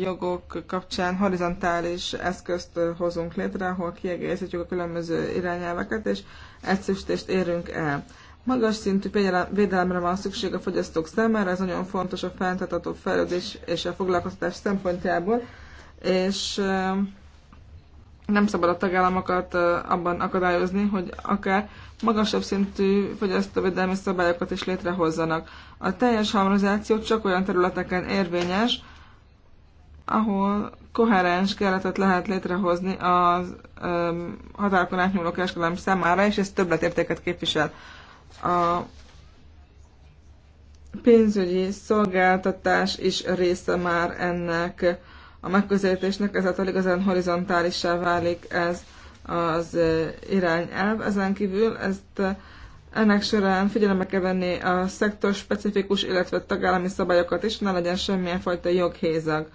jogok kapcsán horizontális eszközt hozunk létre, ahol kiegészítjük a különböző irányelveket, és egyszerűsítést érünk el. Magas szintű védelemre van szükség a fogyasztók számára, ez nagyon fontos a fenntartható fejlődés és a foglalkoztatás szempontjából, és nem szabad a tagállamokat abban akadályozni, hogy akár magasabb szintű fogyasztóvédelmi szabályokat is létrehozzanak. A teljes harmonizáció csak olyan területeken érvényes, ahol koherens keretet lehet létrehozni az um, határokon átnyúló kereskedelem számára, és ez többletértéket képvisel. A pénzügyi szolgáltatás is része már ennek a megközelítésnek, ezáltal igazán horizontálissá válik ez az irányelv. Ezen kívül ezt ennek során figyelembe kell venni a szektor specifikus, illetve tagállami szabályokat is, ne legyen semmilyen fajta joghézag.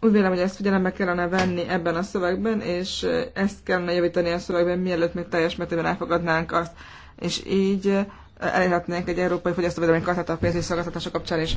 Úgy vélem, hogy ezt figyelembe kellene venni ebben a szövegben, és ezt kellene javítani a szövegben, mielőtt még teljes mértékben elfogadnánk azt, és így elérhetnénk egy európai fogyasztóvédelmi kartát a pénzügyi szolgáltatások kapcsán is.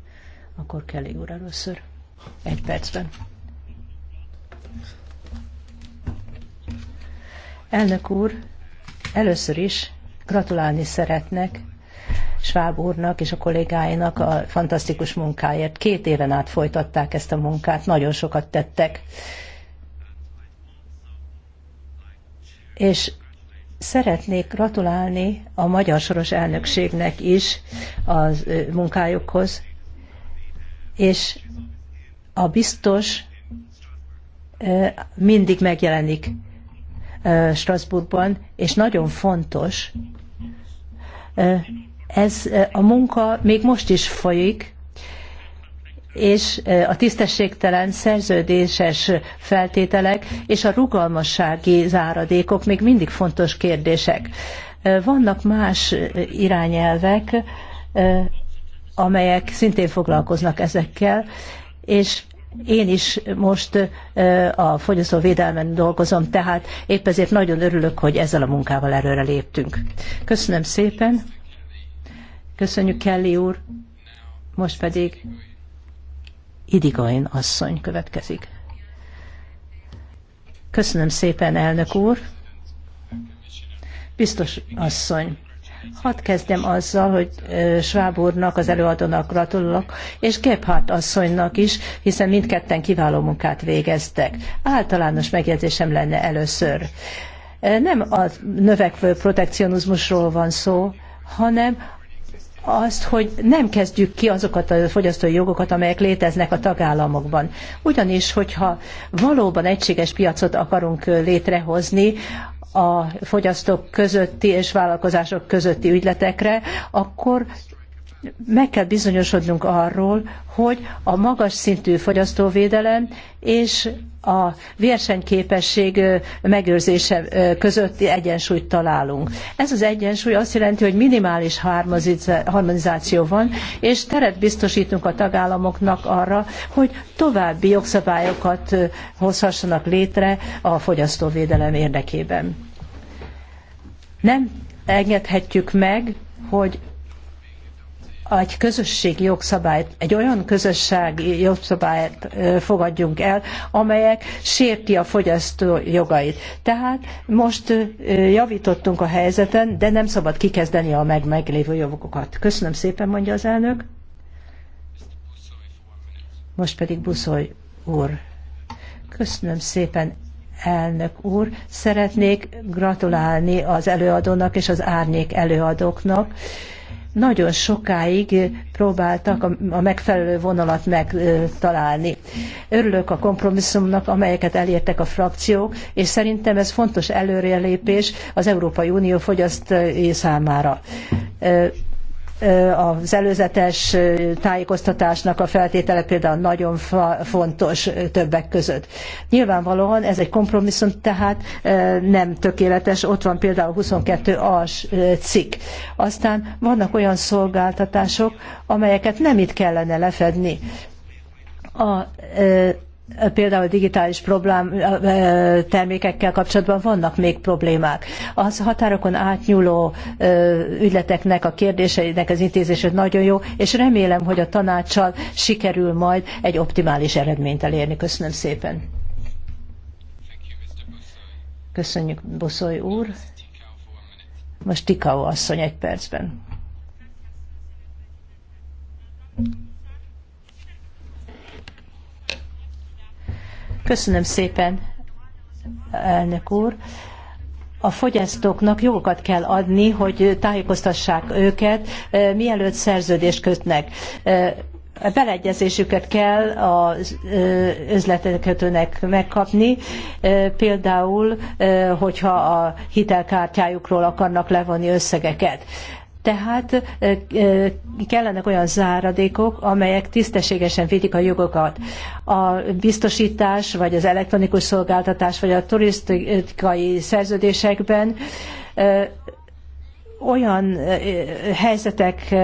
Akkor Kelly úr először. Egy percben. Elnök úr, először is gratulálni szeretnek Schwab úrnak és a kollégáinak a fantasztikus munkáért. Két éven át folytatták ezt a munkát, nagyon sokat tettek. És szeretnék gratulálni a magyar soros elnökségnek is a munkájukhoz, és a biztos mindig megjelenik Strasbourgban, és nagyon fontos, ez a munka még most is folyik, és a tisztességtelen szerződéses feltételek és a rugalmassági záradékok még mindig fontos kérdések. Vannak más irányelvek, amelyek szintén foglalkoznak ezekkel, és én is most a fogyasztóvédelmen dolgozom, tehát épp ezért nagyon örülök, hogy ezzel a munkával erőre léptünk. Köszönöm szépen. Köszönjük Kelly úr. Most pedig Idigain asszony következik. Köszönöm szépen, elnök úr. Biztos asszony. Hadd kezdjem azzal, hogy Schwab úrnak, az előadónak gratulok, és Gebhardt asszonynak is, hiszen mindketten kiváló munkát végeztek. Általános megjegyzésem lenne először. Nem a növekvő protekcionizmusról van szó, hanem azt, hogy nem kezdjük ki azokat a fogyasztói jogokat, amelyek léteznek a tagállamokban. Ugyanis, hogyha valóban egységes piacot akarunk létrehozni, a fogyasztók közötti és vállalkozások közötti ügyletekre, akkor meg kell bizonyosodnunk arról, hogy a magas szintű fogyasztóvédelem és a versenyképesség megőrzése közötti egyensúlyt találunk. Ez az egyensúly azt jelenti, hogy minimális harmonizáció van, és teret biztosítunk a tagállamoknak arra, hogy további jogszabályokat hozhassanak létre a fogyasztóvédelem érdekében. Nem engedhetjük meg, hogy egy közösségi jogszabályt, egy olyan közösségi jogszabályt fogadjunk el, amelyek sérti a fogyasztó jogait. Tehát most javítottunk a helyzeten, de nem szabad kikezdeni a meg meglévő jogokat. Köszönöm szépen, mondja az elnök. Most pedig Buszoly úr. Köszönöm szépen, elnök úr. Szeretnék gratulálni az előadónak és az árnyék előadóknak nagyon sokáig próbáltak a megfelelő vonalat megtalálni. Örülök a kompromisszumnak, amelyeket elértek a frakciók, és szerintem ez fontos előrelépés az Európai Unió fogyasztói számára az előzetes tájékoztatásnak a feltétele például nagyon fontos többek között. Nyilvánvalóan ez egy kompromisszum, tehát nem tökéletes, ott van például 22 a cikk. Aztán vannak olyan szolgáltatások, amelyeket nem itt kellene lefedni. A, például digitális problém, termékekkel kapcsolatban vannak még problémák. Az határokon átnyúló ügyleteknek a kérdéseinek az intézése nagyon jó, és remélem, hogy a tanácssal sikerül majd egy optimális eredményt elérni. Köszönöm szépen. Köszönjük, Boszoly úr. Most Tikao asszony egy percben. Köszönöm szépen, elnök úr. A fogyasztóknak jogokat kell adni, hogy tájékoztassák őket, mielőtt szerződést kötnek. A beleegyezésüket kell az üzletkötőnek megkapni, például, hogyha a hitelkártyájukról akarnak levonni összegeket. Tehát kellenek olyan záradékok, amelyek tisztességesen védik a jogokat. A biztosítás, vagy az elektronikus szolgáltatás, vagy a turisztikai szerződésekben olyan helyzetek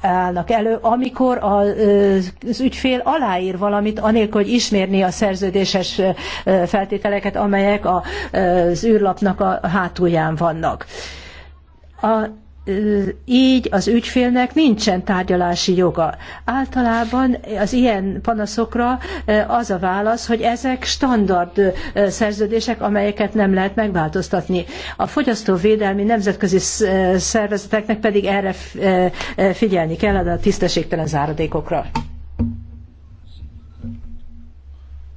állnak elő, amikor az ügyfél aláír valamit, anélkül, hogy ismérni a szerződéses feltételeket, amelyek az űrlapnak a hátulján vannak. A így az ügyfélnek nincsen tárgyalási joga. Általában az ilyen panaszokra az a válasz, hogy ezek standard szerződések, amelyeket nem lehet megváltoztatni. A fogyasztóvédelmi nemzetközi szervezeteknek pedig erre figyelni kell a tisztességtelen záradékokra.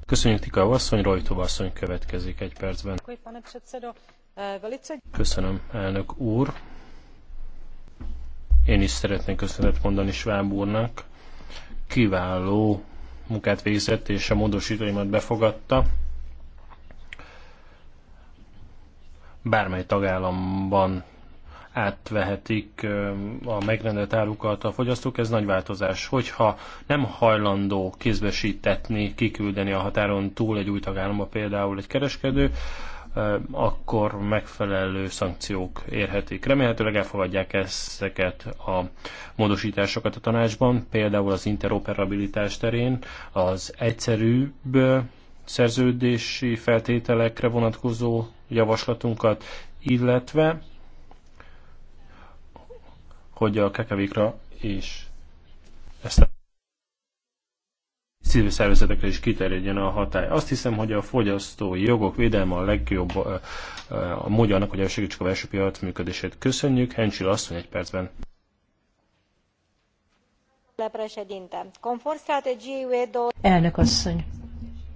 Köszönjük Tika asszony, Rojtova következik egy percben. Eh, Köszönöm, elnök úr. Én is szeretnék köszönet mondani Schwab úrnak. Kiváló munkát végzett, és a módosítóimat befogadta. Bármely tagállamban átvehetik a megrendelt árukat a fogyasztók, ez nagy változás. Hogyha nem hajlandó kézbesítetni, kiküldeni a határon túl egy új tagállamba például egy kereskedő, Eh, akkor megfelelő szankciók érhetik. Remélhetőleg elfogadják ezeket a módosításokat a tanácsban, például az interoperabilitás terén az egyszerűbb eh, szerződési feltételekre vonatkozó javaslatunkat, illetve hogy a kekevékra és ezt a civil szervezetekre is kiterjedjen a hatály. Azt hiszem, hogy a fogyasztói jogok védelme a legjobb a, a módja annak, hogy elsegítsük a belső piac működését. Köszönjük. Hencsil asszony egy percben. Elnök asszony,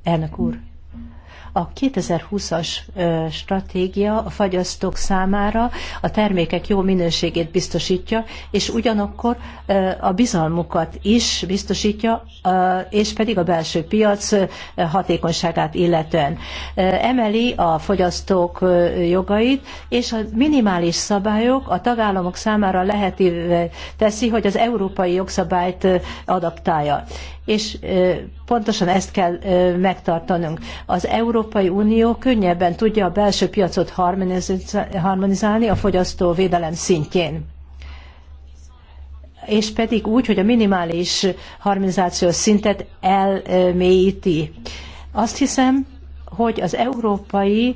elnök úr, a 2020-as stratégia a fagyasztók számára a termékek jó minőségét biztosítja, és ugyanakkor a bizalmukat is biztosítja, és pedig a belső piac hatékonyságát illetően. Emeli a fogyasztók jogait, és a minimális szabályok a tagállamok számára lehetővé teszi, hogy az európai jogszabályt adaptálja és pontosan ezt kell megtartanunk. Az Európai Unió könnyebben tudja a belső piacot harmonizálni a fogyasztó védelem szintjén és pedig úgy, hogy a minimális harmonizációs szintet elmélyíti. Azt hiszem, hogy az európai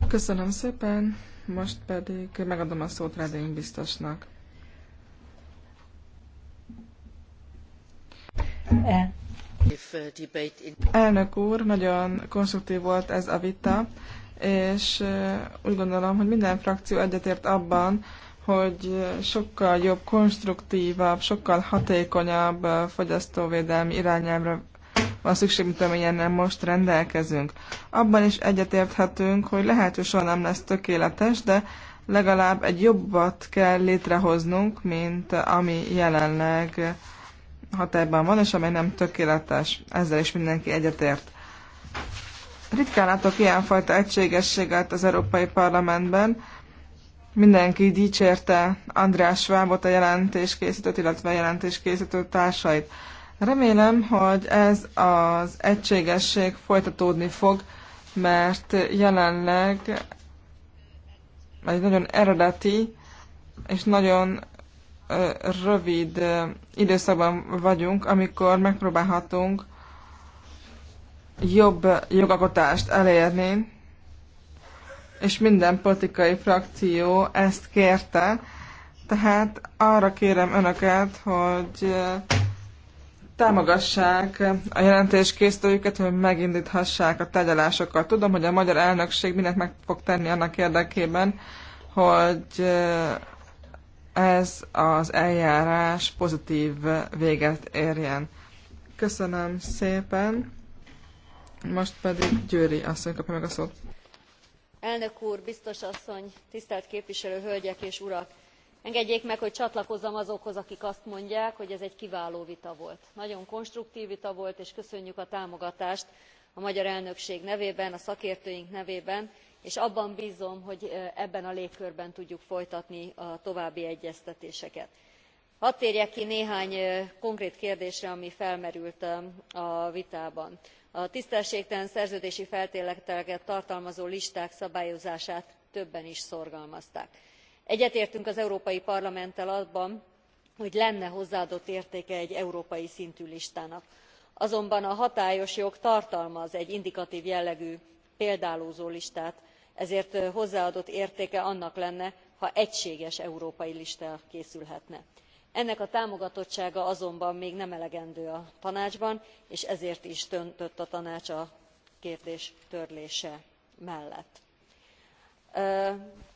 Köszönöm szépen, most pedig megadom a szót Redény biztosnak. Elnök úr, nagyon konstruktív volt ez a vita, és uh, úgy gondolom, hogy minden frakció egyetért abban, hogy sokkal jobb, konstruktívabb, sokkal hatékonyabb uh, fogyasztóvédelmi irányelvre van szükség, mint amilyennel most rendelkezünk. Abban is egyetérthetünk, hogy lehet, hogy soha nem lesz tökéletes, de legalább egy jobbat kell létrehoznunk, mint ami jelenleg hatályban van, és amely nem tökéletes. Ezzel is mindenki egyetért. Ritkán látok ilyenfajta egységességet az Európai Parlamentben. Mindenki dicsérte András Schwabot a jelentéskészítőt, illetve a jelentéskészítő társait. Remélem, hogy ez az egységesség folytatódni fog, mert jelenleg egy nagyon eredeti és nagyon rövid időszakban vagyunk, amikor megpróbálhatunk jobb jogakotást elérni, és minden politikai frakció ezt kérte, tehát arra kérem önöket, hogy támogassák a jelentés készítőjüket, hogy megindíthassák a tegyelásokat Tudom, hogy a magyar elnökség mindent meg fog tenni annak érdekében, hogy eh, ez az eljárás pozitív véget érjen. Köszönöm szépen. Most pedig Győri asszony kapja meg a szót. Elnök úr, biztos asszony, tisztelt képviselő hölgyek és urak! engedjék meg hogy csatlakozzam azokhoz akik azt mondják hogy ez egy kiváló vita volt. nagyon konstruktv vita volt és köszönjük a támogatást a magyar elnökség nevében a szakértőink nevében és abban bzom hogy ebben a légkörben tudjuk folytatni a további egyeztetéseket. hadd térjek ki néhány konkrét kérdésre ami felmerült a vitában. a tisztességtelen szerződési feltételeket tartalmazó listák szabályozását többen is szorgalmazták egyetértünk az európai parlamenttel abban hogy lenne hozzáadott értéke egy európai szintű listának azonban a hatályos jog tartalmaz egy indikatv jellegű példálózó listát ezért hozzáadott értéke annak lenne ha egységes európai lista készülhetne. ennek a támogatottsága azonban még nem elegendő a tanácsban és ezért is döntött a tanács a kérdés törlése mellett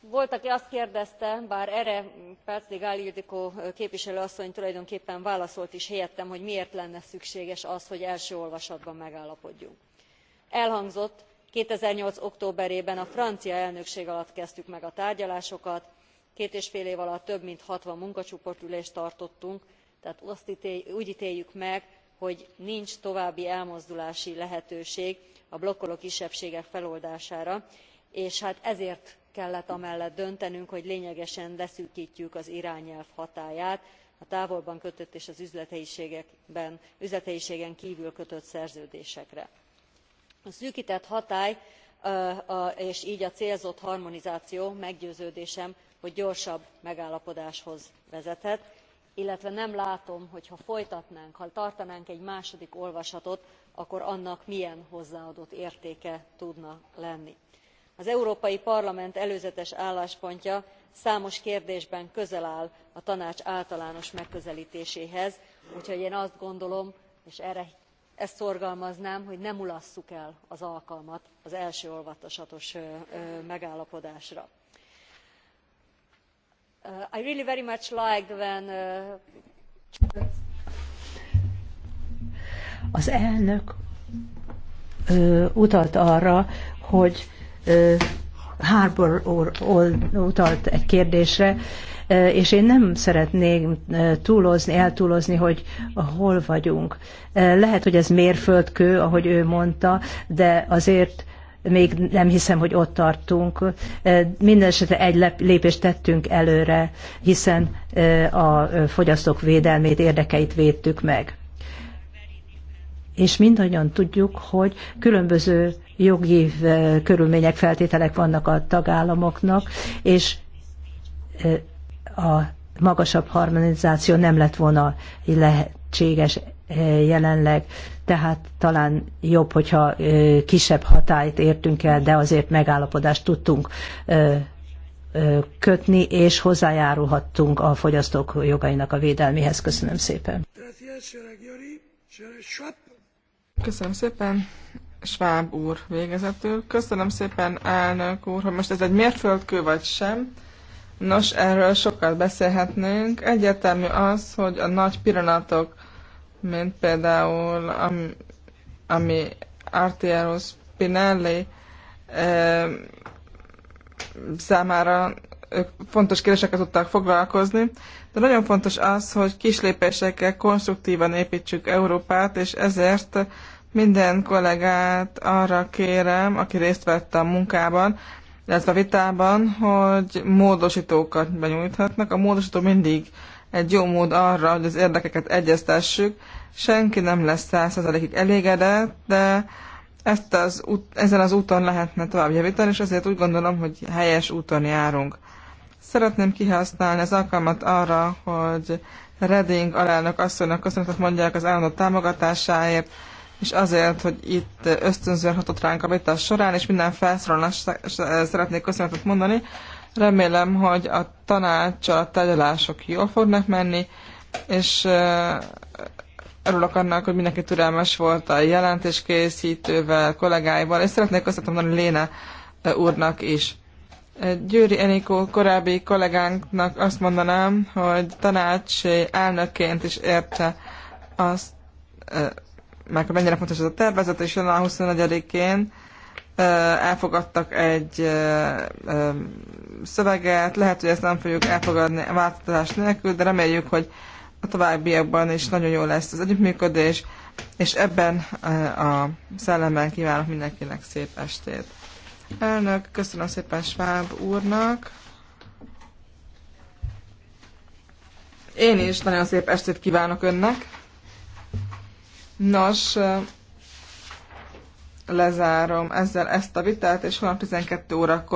volt aki azt kérdezte bár erre páczné gál ildikó képviselő asszony tulajdonképpen válaszolt is helyettem hogy miért lenne szükséges az hogy első olvasatban megállapodjunk. elhangzott two thousand and eight októberében a francia elnökség alatt kezdtük meg a tárgyalásokat két és fél év alatt több mint sixty munkacsoportülést tartottunk tehát úgy téljük meg hogy nincs további elmozdulási lehetőség a blokkoló kisebbségek feloldására és hát ezért kellett amellett döntenünk hogy lényegesen leszűktjük az irányelv hatályát a távolban kötött és az üzlethelyiségen kvül kötött szerződésekre. a szűktett hatály és gy a célzott harmonizáció meggyőződésem hogy gyorsabb megállapodáshoz vezethet illetve nem látom hogy ha folytatnánk ha tartanánk egy második olvasatot akkor annak milyen hozzáadott értéke tudna lenni az európai parlament előzetes álláspontja számos kérdésben közel áll a tanács általános megközeltéséhez úgyhogy én azt gondolom és ezt szorgalmaznám hogy ne mulasszuk el az alkalmat az első olvasatos megállapodásra. i really very much liked when az elnök utalt arra, hogy Harbour úr utalt egy kérdésre, és én nem szeretnék túlozni, eltúlozni, hogy hol vagyunk. Lehet, hogy ez mérföldkő, ahogy ő mondta, de azért még nem hiszem, hogy ott tartunk. Mindenesetre egy lépést tettünk előre, hiszen a fogyasztók védelmét, érdekeit védtük meg. És mindannyian tudjuk, hogy különböző jogi körülmények, feltételek vannak a tagállamoknak, és a magasabb harmonizáció nem lett volna lehetséges jelenleg, tehát talán jobb, hogyha kisebb hatályt értünk el, de azért megállapodást tudtunk kötni, és hozzájárulhattunk a fogyasztók jogainak a védelmihez. Köszönöm szépen. Köszönöm szépen. Schwab úr végezetül. Köszönöm szépen, elnök úr, hogy most ez egy mérföldkő vagy sem. Nos, erről sokat beszélhetnénk. Egyértelmű az, hogy a nagy pillanatok, mint például ami, ami Artiero Spinelli eh, számára ők fontos kérdésekkel tudtak foglalkozni, de nagyon fontos az, hogy kislépésekkel konstruktívan építsük Európát, és ezért minden kollégát arra kérem, aki részt vett a munkában, ez a vitában, hogy módosítókat benyújthatnak. A módosító mindig egy jó mód arra, hogy az érdekeket egyeztessük. Senki nem lesz százalékig elégedett, de ezt az út, ezen az úton lehetne tovább javítani, és ezért úgy gondolom, hogy helyes úton járunk. Szeretném kihasználni az alkalmat arra, hogy Reding alelnök asszonynak köszönetet mondják az állandó támogatásáért, és azért, hogy itt ösztönzően hatott ránk a vita során, és minden felszólalásra szeretnék köszönetet mondani. Remélem, hogy a tanács, a tegyelások jól fognak menni, és örülök annak, hogy mindenki türelmes volt a jelentéskészítővel, kollégáival, és szeretnék köszönetet mondani Léne úrnak is. Győri Enikó korábbi kollégánknak azt mondanám, hogy tanács elnökként is érte azt, meg mennyire fontos ez a tervezet, és jön a 24-én elfogadtak egy szöveget, lehet, hogy ezt nem fogjuk elfogadni változás nélkül, de reméljük, hogy a továbbiakban is nagyon jó lesz az együttműködés, és ebben a szellemben kívánok mindenkinek szép estét. Elnök, köszönöm szépen Schwab úrnak. Én is nagyon szép estét kívánok önnek. Nos, lezárom ezzel ezt a vitát, és holnap 12 órakor